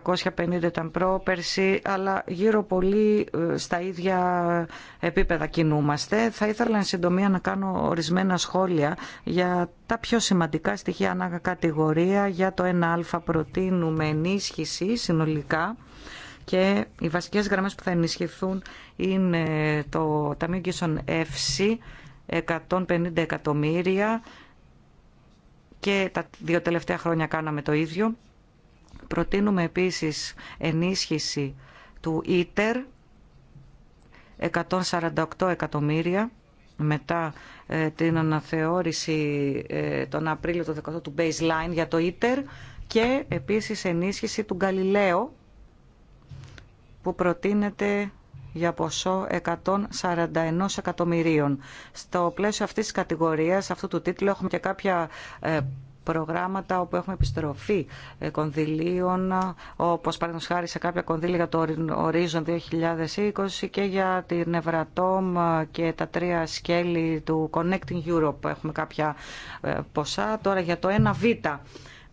850 ήταν πρόπερσι, αλλά γύρω πολύ ε, στα ίδια επίπεδα κινούμαστε. Θα ήθελα εν συντομία να κάνω ορισμένα σχόλια για τα πιο σημαντικά στοιχεία ανάγκα κατηγορία. Για το 1α προτείνουμε ενίσχυση συνολικά και οι βασικές γραμμές που θα ενισχυθούν είναι το Ταμείο Κίσων Εύση, 150 εκατομμύρια και τα δύο τελευταία χρόνια κάναμε το ίδιο. Προτείνουμε επίσης ενίσχυση του ΙΤΕΡ 148 εκατομμύρια μετά ε, την αναθεώρηση ε, τον Απρίλιο το 18 του baseline για το ΙΤΕΡ και επίσης ενίσχυση του Γκαλιλαίου που προτείνεται για ποσό 141 εκατομμυρίων. Στο πλαίσιο αυτής της κατηγορίας, αυτού του τίτλου, έχουμε και κάποια ε, προγράμματα όπου έχουμε επιστροφή ε, κονδυλίων, όπως παραδείγματος χάρη σε κάποια κονδύλια για το Horizon 2020 και για την Ευρατόμ ε, και τα τρία σκέλη του Connecting Europe έχουμε κάποια ποσά. Τώρα για το 1Β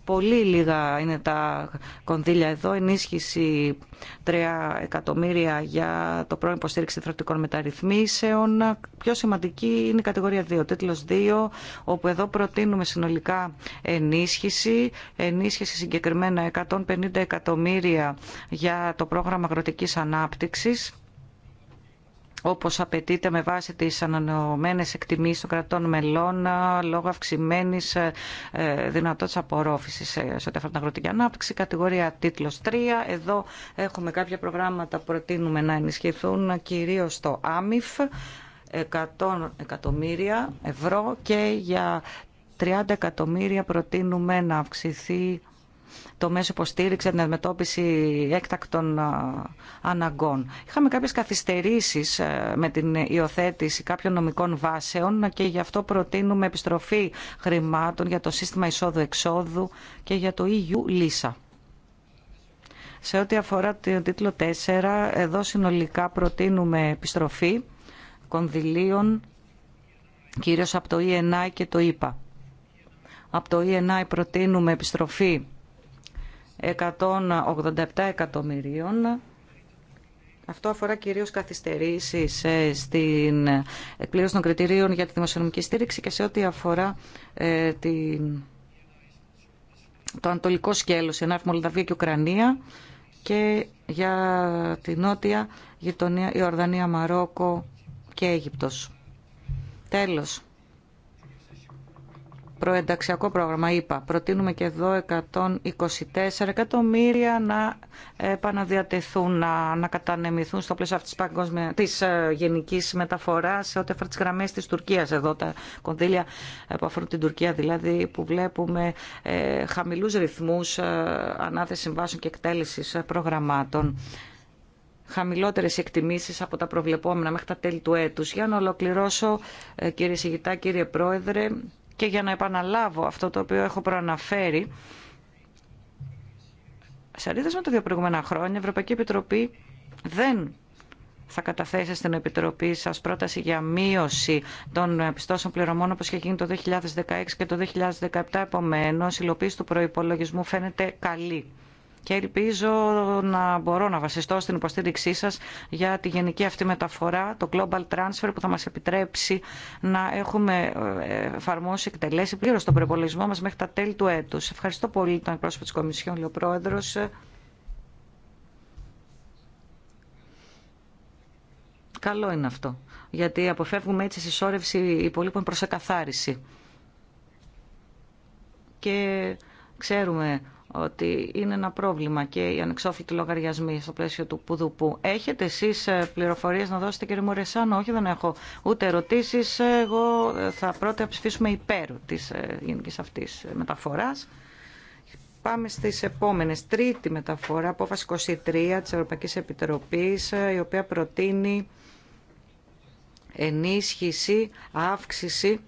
Πολύ λίγα είναι τα κονδύλια εδώ. Ενίσχυση 3 εκατομμύρια για το πρόγραμμα υποστήριξη θρεπτικών μεταρρυθμίσεων. Πιο σημαντική είναι η κατηγορία 2, τίτλο 2, όπου εδώ προτείνουμε συνολικά ενίσχυση. Ενίσχυση συγκεκριμένα 150 εκατομμύρια για το πρόγραμμα αγροτική ανάπτυξη όπως απαιτείται με βάση τις ανανεωμένες εκτιμήσεις των κρατών μελών λόγω αυξημένη ε, ε, δυνατότητας απορρόφησης ε, σε ό,τι αφορά την αγροτική ανάπτυξη. Κατηγορία τίτλος 3. Εδώ έχουμε κάποια προγράμματα που προτείνουμε να ενισχυθούν κυρίω το ΆΜΙΦ. 100 εκατομμύρια ευρώ και για 30 εκατομμύρια προτείνουμε να αυξηθεί το μέσο υποστήριξη την αντιμετώπιση έκτακτων αναγκών. Είχαμε κάποιες καθυστερήσεις με την υιοθέτηση κάποιων νομικών βάσεων και γι' αυτό προτείνουμε επιστροφή χρημάτων για το σύστημα εισόδου-εξόδου και για το eu ΛΙΣΑ. Σε ό,τι αφορά τον τίτλο 4, εδώ συνολικά προτείνουμε επιστροφή κονδυλίων κυρίως από το ENI και το ΕΠΑ. E από το ENI προτείνουμε επιστροφή 187 εκατομμυρίων. Αυτό αφορά κυρίως καθυστερήσεις ε, στην εκπλήρωση των κριτηρίων για τη δημοσιονομική στήριξη και σε ό,τι αφορά ε, την... το ανατολικό σκέλος, η Μολδαβία και Ουκρανία και για τη νότια γειτονία Ιορδανία, Μαρόκο και Αίγυπτος. Τέλος, προενταξιακό πρόγραμμα, είπα. Προτείνουμε και εδώ 124 εκατομμύρια να επαναδιατεθούν, να, να κατανεμηθούν στο πλαίσιο αυτής της, παγκόσμια, της ε, γενικής μεταφοράς σε ό,τι αφορά τις γραμμές της Τουρκίας εδώ, τα κονδύλια που αφορούν την Τουρκία, δηλαδή που βλέπουμε ε, χαμηλούς ρυθμούς ε, ανάθεση συμβάσεων και εκτέλεσης ε, προγραμμάτων χαμηλότερες εκτιμήσεις από τα προβλεπόμενα μέχρι τα τέλη του έτους. Για να ολοκληρώσω, ε, κύριε Σιγητά, κύριε Πρόεδρε, και για να επαναλάβω αυτό το οποίο έχω προαναφέρει, σε αντίθεση με τα δύο προηγούμενα χρόνια, η Ευρωπαϊκή Επιτροπή δεν θα καταθέσει στην Επιτροπή σα πρόταση για μείωση των πιστώσεων πληρωμών όπω είχε γίνει το 2016 και το 2017. Επομένω, η υλοποίηση του προπολογισμού φαίνεται καλή και ελπίζω να μπορώ να βασιστώ στην υποστήριξή σας για τη γενική αυτή μεταφορά, το Global Transfer που θα μας επιτρέψει να έχουμε ε, εφαρμόσει, εκτελέσει πλήρως τον προπολογισμό μας μέχρι τα τέλη του έτους. Ευχαριστώ πολύ τον πρόσωπο της Κομισιόν, ο Πρόεδρος. Καλό είναι αυτό, γιατί αποφεύγουμε έτσι συσσόρευση υπολείπων προς εκαθάριση. Και ξέρουμε ότι είναι ένα πρόβλημα και οι ανεξόφλητοι λογαριασμοί στο πλαίσιο του Πουδουπού. Έχετε εσεί ε, πληροφορίε να δώσετε, κύριε Μουρεσάνο, όχι δεν έχω ούτε ερωτήσει. Εγώ ε, θα πρώτα ψηφίσουμε υπέρ τη ε, γενική αυτή μεταφορά. Πάμε στι επόμενε. Τρίτη μεταφορά, απόφαση 23 τη Ευρωπαϊκή Επιτροπή, η οποία προτείνει ενίσχυση, αύξηση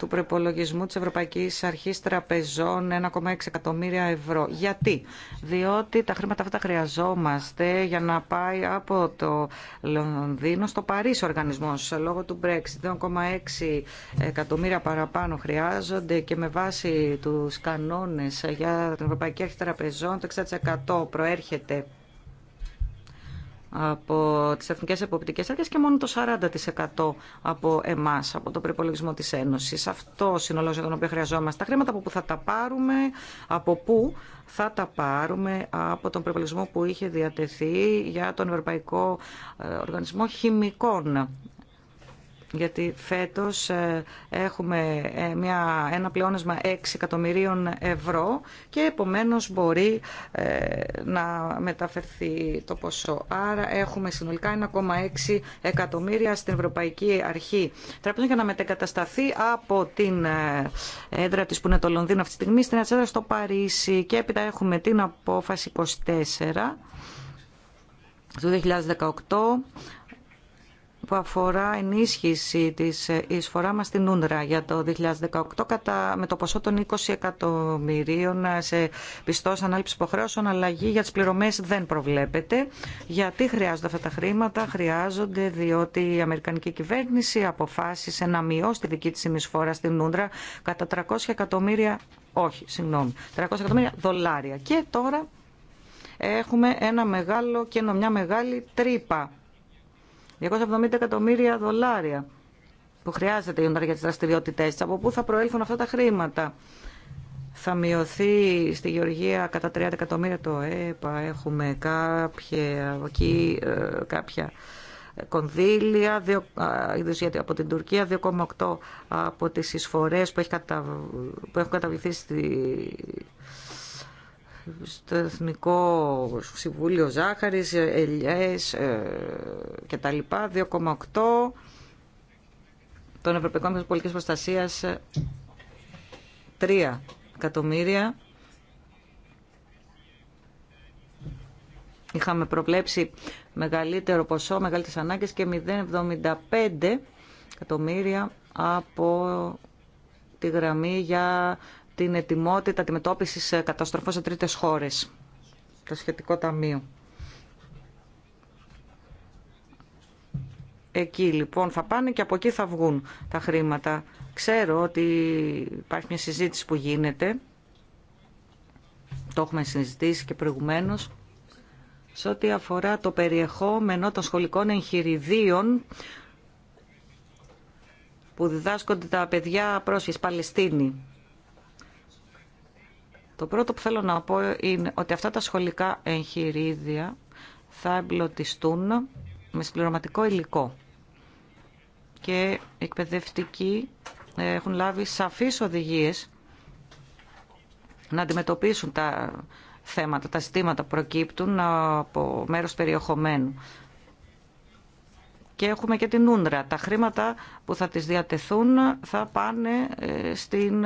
του προπολογισμού της Ευρωπαϊκής Αρχής Τραπεζών 1,6 εκατομμύρια ευρώ. Γιατί? Διότι τα χρήματα αυτά χρειαζόμαστε για να πάει από το Λονδίνο στο Παρίσι ο οργανισμός λόγω του Brexit. 2,6 εκατομμύρια παραπάνω χρειάζονται και με βάση τους κανόνες για την Ευρωπαϊκή Αρχή Τραπεζών το 60% προέρχεται από τις εθνικές εποπτικές αρχές και μόνο το 40% από εμάς, από το προπολογισμό της Ένωσης. Αυτό είναι ο για τον οποίο χρειαζόμαστε τα χρήματα από που θα τα πάρουμε, από πού θα τα πάρουμε από τον προπολογισμό που είχε διατεθεί για τον Ευρωπαϊκό ε, Οργανισμό Χημικών γιατί φέτος ε, έχουμε ε, μια, ένα πλεόνασμα 6 εκατομμυρίων ευρώ και επομένως μπορεί ε, να μεταφερθεί το ποσό. Άρα έχουμε συνολικά 1,6 εκατομμύρια στην Ευρωπαϊκή Αρχή Τραπεζών για να μετεγκατασταθεί από την έδρα της που είναι το Λονδίνο αυτή τη στιγμή στην έδρα στο Παρίσι και έπειτα έχουμε την απόφαση 24 του 2018 που αφορά ενίσχυση της εισφορά μας στην Ούντρα για το 2018 κατά, με το ποσό των 20 εκατομμυρίων σε πιστός ανάληψη υποχρέωσεων αλλαγή για τις πληρωμές δεν προβλέπεται. Γιατί χρειάζονται αυτά τα χρήματα, χρειάζονται διότι η Αμερικανική κυβέρνηση αποφάσισε να μειώσει τη δική της εισφορά στην Ούντρα κατά 300 εκατομμύρια, όχι, συγγνώμη, 300 εκατομμύρια δολάρια. Και τώρα έχουμε ένα μεγάλο και μια μεγάλη τρύπα 270 εκατομμύρια δολάρια που χρειάζεται η ΟΝΤΑΡ για τις δραστηριότητές Από πού θα προέλθουν αυτά τα χρήματα. Θα μειωθεί στη Γεωργία κατά 30 εκατομμύρια το ΕΠΑ. Έχουμε κάποια, εκεί, ε, κάποια κονδύλια από την Τουρκία, 2,8 από τις εισφορές που, που έχουν καταβληθεί στη στο Εθνικό Συμβούλιο Ζάχαρης, Ελιές ε, και τα λοιπά, 2,8 των Ευρωπαϊκών Πολιτικής Προστασίας 3 εκατομμύρια. Είχαμε προβλέψει μεγαλύτερο ποσό, μεγαλύτερες ανάγκες και 0,75 εκατομμύρια από τη γραμμή για την ετοιμότητα αντιμετώπιση ε, καταστροφών σε τρίτε χώρε. Το σχετικό ταμείο. Εκεί λοιπόν θα πάνε και από εκεί θα βγουν τα χρήματα. Ξέρω ότι υπάρχει μια συζήτηση που γίνεται. Το έχουμε συζητήσει και προηγουμένως σε ό,τι αφορά το περιεχόμενο των σχολικών εγχειριδίων που διδάσκονται τα παιδιά πρόσφυγες Παλαιστίνη. Το πρώτο που θέλω να πω είναι ότι αυτά τα σχολικά εγχειρίδια θα εμπλωτιστούν με συμπληρωματικό υλικό και οι εκπαιδευτικοί ε, έχουν λάβει σαφείς οδηγίες να αντιμετωπίσουν τα θέματα, τα ζητήματα που προκύπτουν από μέρος περιεχομένου και έχουμε και την Ούνρα. Τα χρήματα που θα τις διατεθούν θα πάνε ε, στην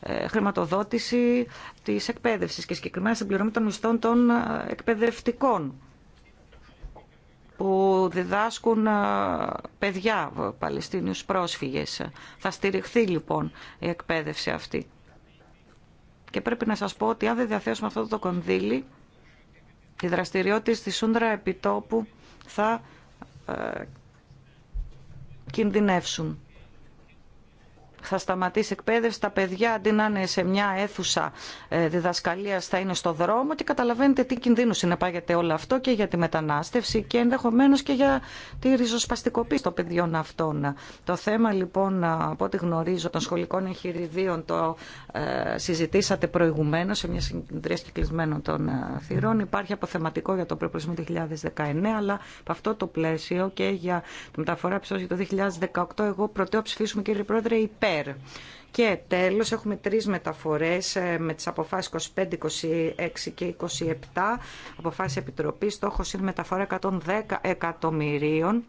ε, χρηματοδότηση της εκπαίδευσης και συγκεκριμένα στην πληρωμή των μισθών των ε, εκπαιδευτικών που διδάσκουν παιδιά Παλαιστίνιους πρόσφυγες. Θα στηριχθεί λοιπόν η εκπαίδευση αυτή. Και πρέπει να σας πω ότι αν δεν διαθέσουμε αυτό το κονδύλι, οι δραστηριότητες της Σούντρα Επιτόπου θα κινδυνεύσουν θα σταματήσει εκπαίδευση, τα παιδιά αντί να είναι σε μια αίθουσα ε, διδασκαλία θα είναι στο δρόμο και καταλαβαίνετε τι κινδύνου συνεπάγεται όλο αυτό και για τη μετανάστευση και ενδεχομένω και για τη ριζοσπαστικοποίηση των παιδιών αυτών. Το θέμα λοιπόν, από ό,τι γνωρίζω, των σχολικών εγχειριδίων το ε, συζητήσατε προηγουμένω σε μια συγκεντρία κυκλισμένων των ε, θυρών. Υπάρχει αποθεματικό για το του 2019, αλλά από αυτό το πλαίσιο και για τη μεταφορά ψώση το 2018, εγώ ψηφίσουμε κύριε Πρόεδρε υπέρ και τέλος έχουμε τρεις μεταφορές ε, με τις αποφάσεις 25, 26 και 27 αποφάσεις επιτροπής. Στόχος είναι μεταφορά 110 εκατομμυρίων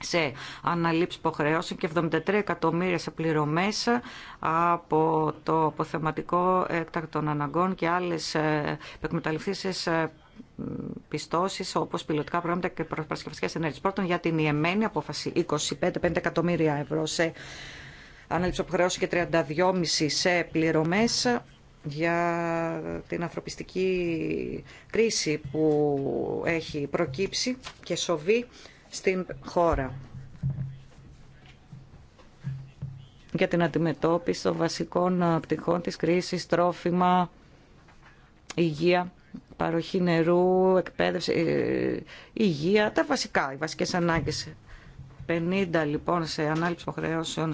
σε αναλήψεις υποχρεώσεων και 73 εκατομμύρια σε πληρωμές από το αποθεματικό των αναγκών και άλλες εκμεταλλευτήσεις ε, πιστώσει όπω πιλωτικά προγράμματα και προσπασκευτικέ ενέργειε. Πρώτον, για την Ιεμένη, απόφαση 25-5 εκατομμύρια ευρώ σε ανάληψη αποχρεώσεων και 32,5 σε πληρωμές για την ανθρωπιστική κρίση που έχει προκύψει και σοβεί στην χώρα. Για την αντιμετώπιση των βασικών πτυχών της κρίσης, τρόφιμα, υγεία, παροχή νερού, εκπαίδευση, ε, υγεία, τα βασικά, οι βασικές ανάγκες 50 λοιπόν σε ανάληψη υποχρεώσεων,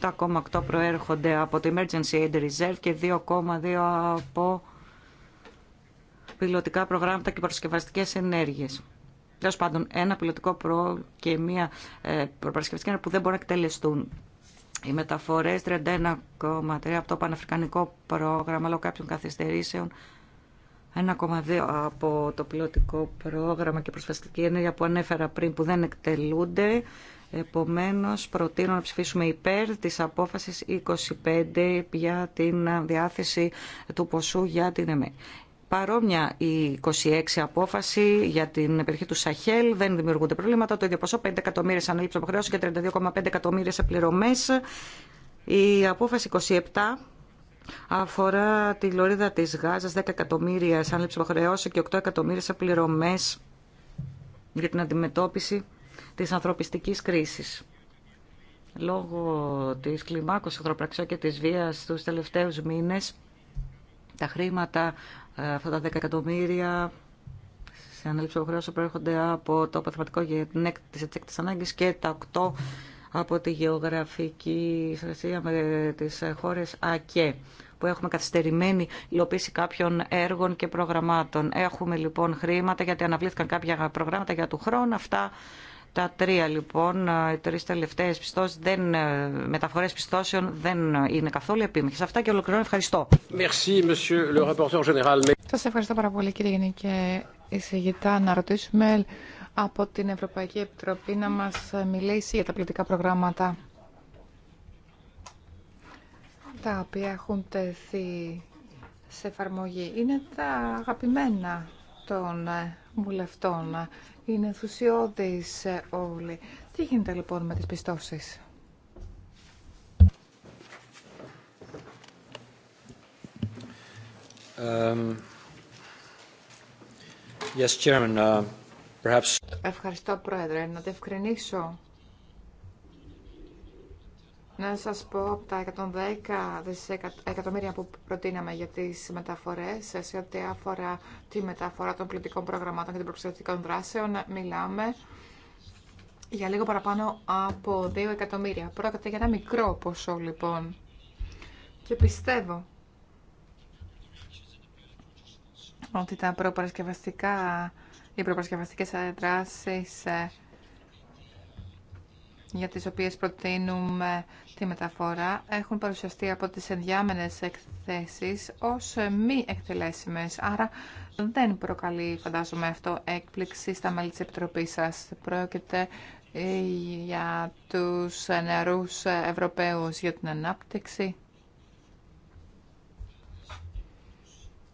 47,8 προέρχονται από το Emergency Aid Reserve και 2,2 από πιλωτικά προγράμματα και προσκευαστικές ενέργειες. Τέλο πάντων, ένα πιλωτικό προ και μία ε, προπαρασκευαστική ενέργεια που δεν μπορούν να εκτελεστούν. Οι μεταφορέ 31,3 από το Παναφρικανικό Πρόγραμμα λόγω κάποιων καθυστερήσεων 1,2 από το πιλωτικό πρόγραμμα και προσφαστική ενέργεια που ανέφερα πριν που δεν εκτελούνται Επομένως, προτείνω να ψηφίσουμε υπέρ της απόφασης 25 για την διάθεση του ποσού για την ΕΜΕ. Παρόμοια η 26 απόφαση για την περιοχή του Σαχέλ δεν δημιουργούνται προβλήματα. Το ίδιο ποσό 5 εκατομμύρια σαν λήψη αποχρεώσεων και 32,5 εκατομμύρια σε πληρωμές. Η απόφαση 27 αφορά τη λωρίδα της Γάζας 10 εκατομμύρια σαν αποχρεώσεων και 8 εκατομμύρια σε πληρωμές για την αντιμετώπιση της ανθρωπιστικής κρίσης. Λόγω της κλιμάκωσης ανθρωπραξιών και της βίας τους τελευταίους μήνες, τα χρήματα, ε, αυτά τα 10 εκατομμύρια σε ανάληψη υποχρεώσεων προέρχονται από το Παθηματικό Γενέκ της Ανάγκης και τα 8 από τη γεωγραφική συνεργασία με τις χώρες ΑΚΕ που έχουμε καθυστερημένη υλοποίηση κάποιων έργων και προγραμμάτων. Έχουμε λοιπόν χρήματα γιατί αναβλήθηκαν κάποια προγράμματα για του χρόνου. Αυτά τα τρία λοιπόν, ε, οι τρει τελευταίε πιστώσει, ε, μεταφορέ πιστώσεων δεν είναι καθόλου επίμεχε. Αυτά και ολοκληρώνω. Ευχαριστώ. Σα ευχαριστώ πάρα πολύ, κύριε Γενική Εισηγητά. Να ρωτήσουμε από την Ευρωπαϊκή Επιτροπή να μα μιλήσει για τα πολιτικά προγράμματα τα οποία έχουν τεθεί σε εφαρμογή. Είναι τα αγαπημένα των βουλευτών. Είναι ενθουσιώδης ε, όλοι. Τι γίνεται λοιπόν με τις πιστώσεις. yes, Chairman, uh, perhaps... Ευχαριστώ, Πρόεδρε. Να διευκρινίσω να σας πω από τα 110 δισεκατομμύρια που προτείναμε για τις μεταφορές σε ό,τι αφορά τη μεταφορά των πολιτικών προγραμμάτων και των προξενικών δράσεων μιλάμε για λίγο παραπάνω από 2 εκατομμύρια. Πρόκειται για ένα μικρό ποσό λοιπόν και πιστεύω ότι τα προπαρασκευαστικά, οι προπαρασκευαστικές δράσεις ε, για τις οποίες προτείνουμε τη μεταφορά έχουν παρουσιαστεί από τις ενδιάμενες εκθέσεις ως μη εκτελέσιμες. Άρα δεν προκαλεί, φαντάζομαι, αυτό έκπληξη στα μέλη της Επιτροπής σας. Πρόκειται ε, για τους νεαρούς Ευρωπαίους για την ανάπτυξη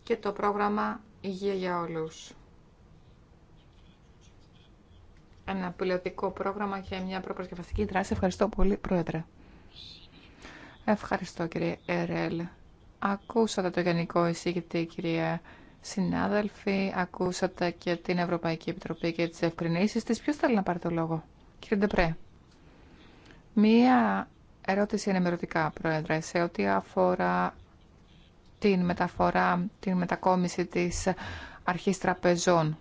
και το πρόγραμμα Υγεία για όλους. ένα πιλωτικό πρόγραμμα και μια προπροσκευαστική δράση. Ευχαριστώ πολύ, Πρόεδρε. Ευχαριστώ, κύριε Ερέλ. Ακούσατε το Γενικό Εισήγητη, κυρία συνάδελφοι. Ακούσατε και την Ευρωπαϊκή Επιτροπή και τις ευκρινήσεις της. Ποιος θέλει να πάρει το λόγο, κύριε Ντεπρέ. Μία ερώτηση ενημερωτικά, Πρόεδρε, σε ό,τι αφορά την μεταφορά, την μετακόμιση της αρχής τραπεζών.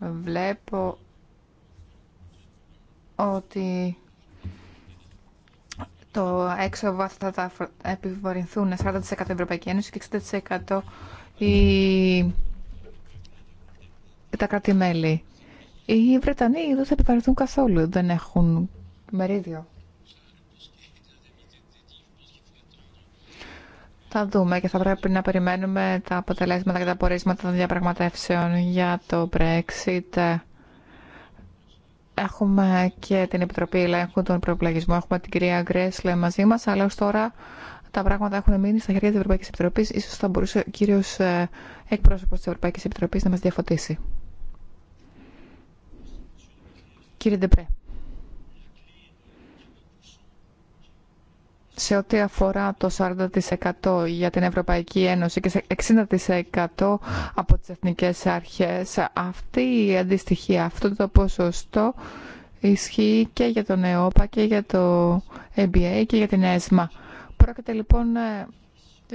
Βλέπω ότι το έξοδο θα τα επιβαρυνθούν 40% η Ευρωπαϊκή Ένωση και 60% η... τα κράτη-μέλη. Οι Βρετανοί δεν θα επιβαρυνθούν καθόλου, δεν έχουν μερίδιο. Θα δούμε και θα πρέπει να περιμένουμε τα αποτελέσματα και τα πορείσματα των διαπραγματεύσεων για το Brexit Έχουμε και την Επιτροπή Ελέγχου των Προπλαγισμών, έχουμε την κυρία Γκρέσλε μαζί μας, αλλά ως τώρα τα πράγματα έχουν μείνει στα χέρια της Ευρωπαϊκής Επιτροπής. Ίσως θα μπορούσε ο κύριος ε, εκπρόσωπος της Ευρωπαϊκής Επιτροπής να μας διαφωτίσει. Κύριε Ντεπρέ. σε ό,τι αφορά το 40% για την Ευρωπαϊκή Ένωση και 60% από τις εθνικές αρχές, αυτή η αντιστοιχία, αυτό το ποσοστό ισχύει και για τον ΕΟΠΑ και για το ΕΜΠΑ και για την ΕΣΜΑ. Πρόκειται λοιπόν ε,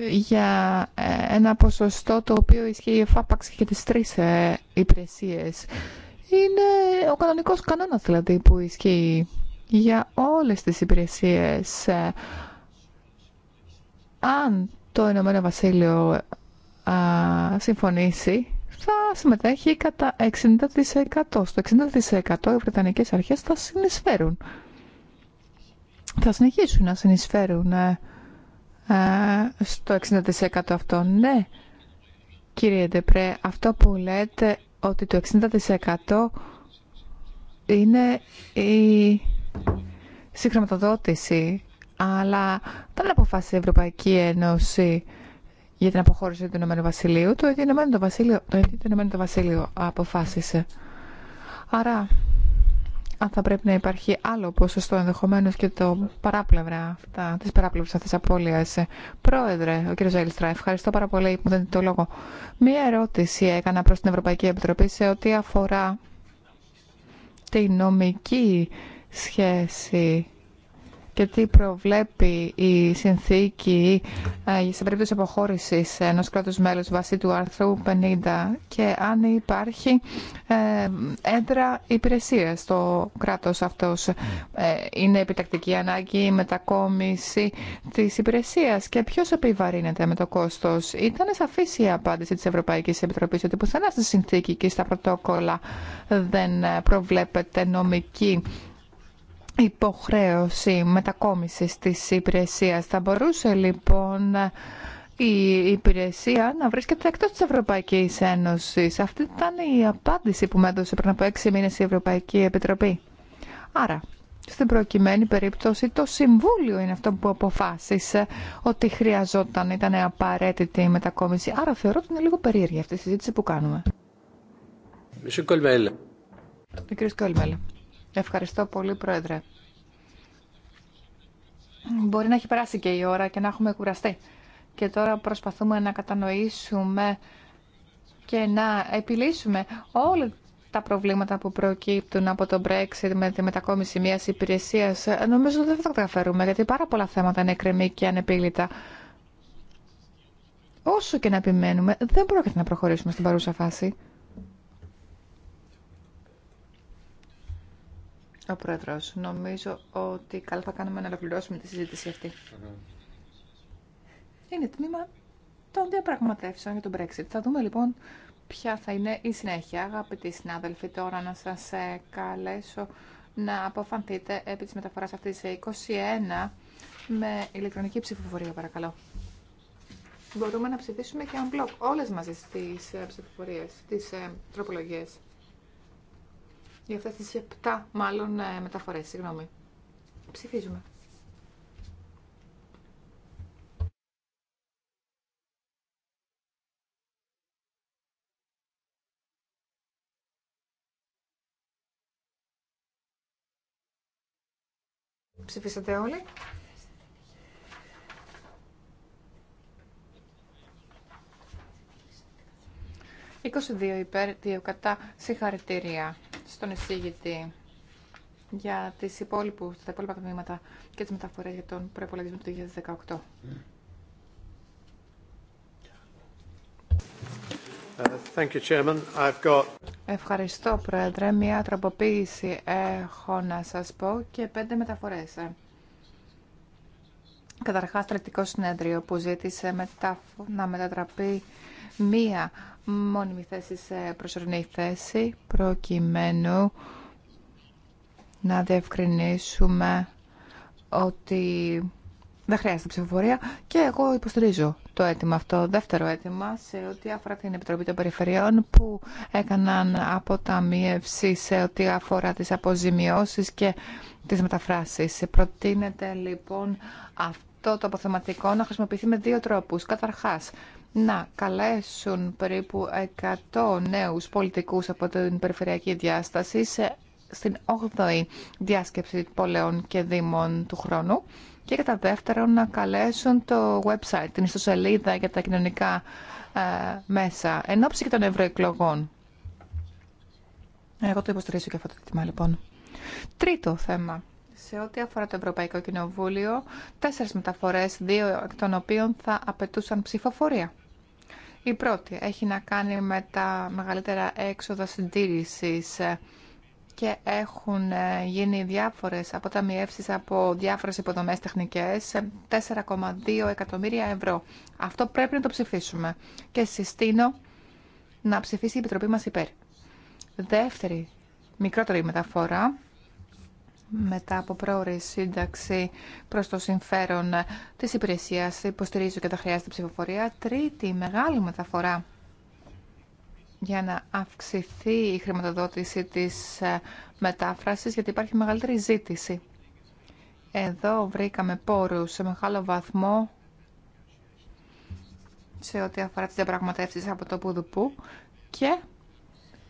για ε, ένα ποσοστό το οποίο ισχύει εφάπαξ και τις τρεις ε, υπηρεσίες. Είναι ο κανονικός κανόνας δηλαδή που ισχύει για όλες τις υπηρεσίες αν το Ηνωμένο Βασίλειο α, συμφωνήσει, θα συμμετέχει κατά 60%. Στο 60% οι Βρετανικές αρχές θα συνεισφέρουν. Θα συνεχίσουν να συνεισφέρουν ε, ε, στο 60% αυτό. Ναι, κύριε Ντεπρέ, αυτό που λέτε ότι το 60% είναι η συγχρηματοδότηση αλλά δεν αποφάσισε η Ευρωπαϊκή Ένωση για την αποχώρηση του Ηνωμένου Βασιλείου. Το Ηνωμένο Βασίλειο, το Βασίλειο αποφάσισε. Άρα, αν θα πρέπει να υπάρχει άλλο ποσοστό ενδεχομένω και το παράπλευρα αυτά, τις παράπλευρες αυτές απώλεια. Πρόεδρε, ο κ. Ζέλστρα, ευχαριστώ πάρα πολύ που δίνετε το λόγο. Μία ερώτηση έκανα προ την Ευρωπαϊκή Επιτροπή σε ό,τι αφορά τη νομική σχέση γιατί προβλέπει η συνθήκη ε, σε περίπτωση αποχώρηση ενό κράτου μέλους βασί του άρθρου 50 και αν υπάρχει ε, έντρα υπηρεσία στο κράτος αυτός. Ε, είναι επιτακτική ανάγκη μετακόμιση της υπηρεσίας και ποιο επιβαρύνεται με το κόστος. Ήταν σαφή η απάντηση της Ευρωπαϊκής Επιτροπής ότι πουθενά στη συνθήκη και στα πρωτόκολλα δεν προβλέπεται νομική υποχρέωση μετακόμισης της υπηρεσίας. Θα μπορούσε λοιπόν η υπηρεσία να βρίσκεται εκτός της Ευρωπαϊκής Ένωσης. Αυτή ήταν η απάντηση που με έδωσε πριν από έξι μήνες η Ευρωπαϊκή Επιτροπή. Άρα, στην προκειμένη περίπτωση το Συμβούλιο είναι αυτό που αποφάσισε ότι χρειαζόταν, ήταν απαραίτητη η μετακόμιση. Άρα θεωρώ ότι είναι λίγο περίεργη αυτή η συζήτηση που κάνουμε. Κόλμελα. Ευχαριστώ πολύ, Πρόεδρε. Μπορεί να έχει περάσει και η ώρα και να έχουμε κουραστεί. Και τώρα προσπαθούμε να κατανοήσουμε και να επιλύσουμε όλα τα προβλήματα που προκύπτουν από το Brexit με τη μετακόμιση μια υπηρεσία. Νομίζω ότι δεν θα τα καταφέρουμε, γιατί πάρα πολλά θέματα είναι κρεμή και ανεπίλητα. Όσο και να επιμένουμε, δεν πρόκειται να προχωρήσουμε στην παρούσα φάση. Ο προεδρό. νομίζω ότι καλά θα κάνουμε να ολοκληρώσουμε τη συζήτηση αυτή. Είναι τμήμα των διαπραγματεύσεων για τον Brexit. Θα δούμε λοιπόν ποια θα είναι η συνέχεια. Αγαπητοί συνάδελφοι, τώρα να σας ε, καλέσω να αποφανθείτε επί τη μεταφοράς αυτής σε 21 με ηλεκτρονική ψηφοφορία, παρακαλώ. Μπορούμε να ψηφίσουμε και unblock όλες μαζί στις ε, ψηφοφορίες, στις ε, τροπολογίες. Για αυτές τις 7 μάλλον ε, μεταφορές, συγγνώμη. Ψηφίζουμε. Ψηφίσατε όλοι. «22 υπέρ, δύο κατά, συγχαρητήρια» στον εισήγητη για τις υπόλοιπους, τα υπόλοιπα τμήματα και τις μεταφορές για τον προϋπολογισμό του 2018. Uh, Ευχαριστώ, Πρόεδρε. Μία τροποποίηση έχω να σας πω και πέντε μεταφορές. Καταρχάς, το συνέδριο που ζήτησε μετα... να μετατραπεί μία μόνιμη θέση σε προσωρινή θέση προκειμένου να διευκρινίσουμε ότι δεν χρειάζεται ψηφοφορία και εγώ υποστηρίζω το αίτημα αυτό, δεύτερο αίτημα σε ό,τι αφορά την Επιτροπή των Περιφερειών που έκαναν αποταμίευση σε ό,τι αφορά τις αποζημιώσεις και τις μεταφράσεις. Προτείνεται λοιπόν αυτό το αποθεματικό να χρησιμοποιηθεί με δύο τρόπους. Καταρχάς, να καλέσουν περίπου 100 νέους πολιτικούς από την περιφερειακή διάσταση σε, στην 8η διάσκεψη πολεών και δήμων του χρόνου και κατά δεύτερον να καλέσουν το website, την ιστοσελίδα για τα κοινωνικά ε, μέσα εν ώψη και των ευρωεκλογών. Εγώ το υποστηρίζω και αυτό το τιμά λοιπόν. Τρίτο θέμα. Σε ό,τι αφορά το Ευρωπαϊκό Κοινοβούλιο, τέσσερις μεταφορές, δύο εκ των οποίων θα απαιτούσαν ψηφοφορία. Η πρώτη έχει να κάνει με τα μεγαλύτερα έξοδα συντήρησης και έχουν ε, γίνει διάφορες αποταμιεύσεις από διάφορες υποδομές τεχνικές 4,2 ε, εκατομμύρια ευρώ. Αυτό πρέπει να το ψηφίσουμε και συστήνω να ψηφίσει η Επιτροπή μας υπέρ. Δεύτερη, μικρότερη μεταφορά μετά από πρόορη σύνταξη προς το συμφέρον της υπηρεσίας υποστηρίζω και τα χρειάζεται ψηφοφορία. Τρίτη, μεγάλη μεταφορά για να αυξηθεί η χρηματοδότηση της ε, μετάφρασης γιατί υπάρχει μεγαλύτερη ζήτηση. Εδώ βρήκαμε πόρους σε μεγάλο βαθμό σε ό,τι αφορά τις διαπραγματεύσεις από το Πουδουπού και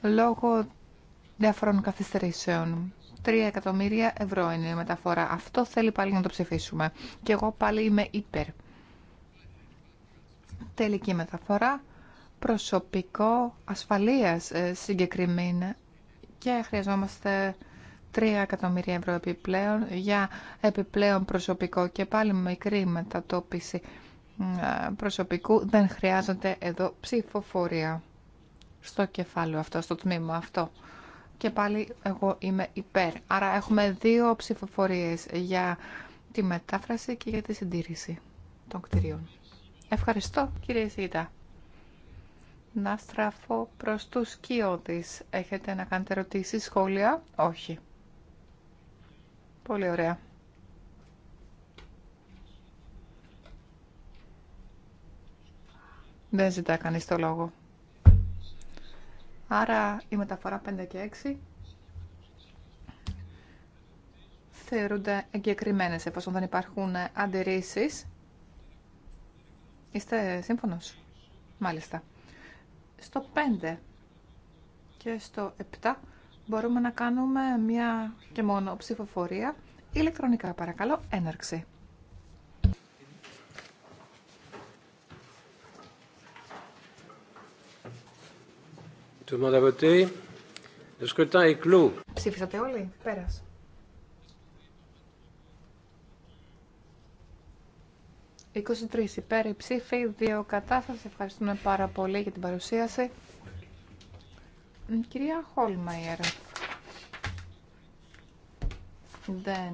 λόγω διαφορών καθυστερήσεων. 3 εκατομμύρια ευρώ είναι η μεταφορά. Αυτό θέλει πάλι να το ψηφίσουμε. Και εγώ πάλι είμαι υπέρ. Τελική μεταφορά. Προσωπικό ασφαλείας ε, συγκεκριμένα. Και χρειαζόμαστε 3 εκατομμύρια ευρώ επιπλέον για επιπλέον προσωπικό και πάλι μικρή μετατόπιση ε, προσωπικού. Δεν χρειάζεται εδώ ψηφοφορία στο κεφάλαιο αυτό, στο τμήμα αυτό και πάλι εγώ είμαι υπέρ. Άρα έχουμε δύο ψηφοφορίες για τη μετάφραση και για τη συντήρηση των κτηρίων. Ευχαριστώ κύριε Σίτα. Να στραφώ προς τους κοιότης. Έχετε να κάνετε ερωτήσεις, σχόλια. Όχι. Πολύ ωραία. Δεν ζητά κανείς το λόγο. Άρα η μεταφορά 5 και 6 θεωρούνται εγκεκριμένε εφόσον δεν υπάρχουν αντιρρήσει. Είστε σύμφωνος? Μάλιστα. Στο 5 και στο 7 μπορούμε να κάνουμε μία και μόνο ψηφοφορία. Ηλεκτρονικά παρακαλώ, έναρξη. Tout Ψήφισατε όλοι. Πέρασε. «23 υπέρ ψήφοι, δύο κατά. Σα ευχαριστούμε πάρα πολύ για την παρουσίαση. Κυρία Χόλμαϊερ, δεν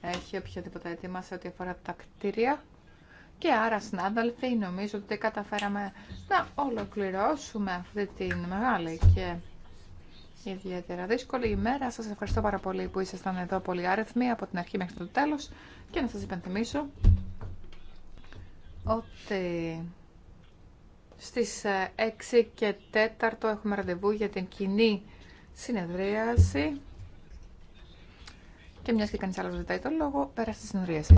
ε, έχει οποιοδήποτε αίτημα σε ό,τι αφορά τα κτίρια. Και άρα, συνάδελφοι, νομίζω ότι καταφέραμε να ολοκληρώσουμε αυτή την μεγάλη και ιδιαίτερα δύσκολη ημέρα. Σας ευχαριστώ πάρα πολύ που ήσασταν εδώ πολύ άρεθμοι από την αρχή μέχρι το τέλος και να σας υπενθυμίσω ότι στις 6 ε, και 4 έχουμε ραντεβού για την κοινή συνεδρίαση και μιας και κανείς άλλος ζητάει τον λόγο, πέρα στη συνεδρίαση.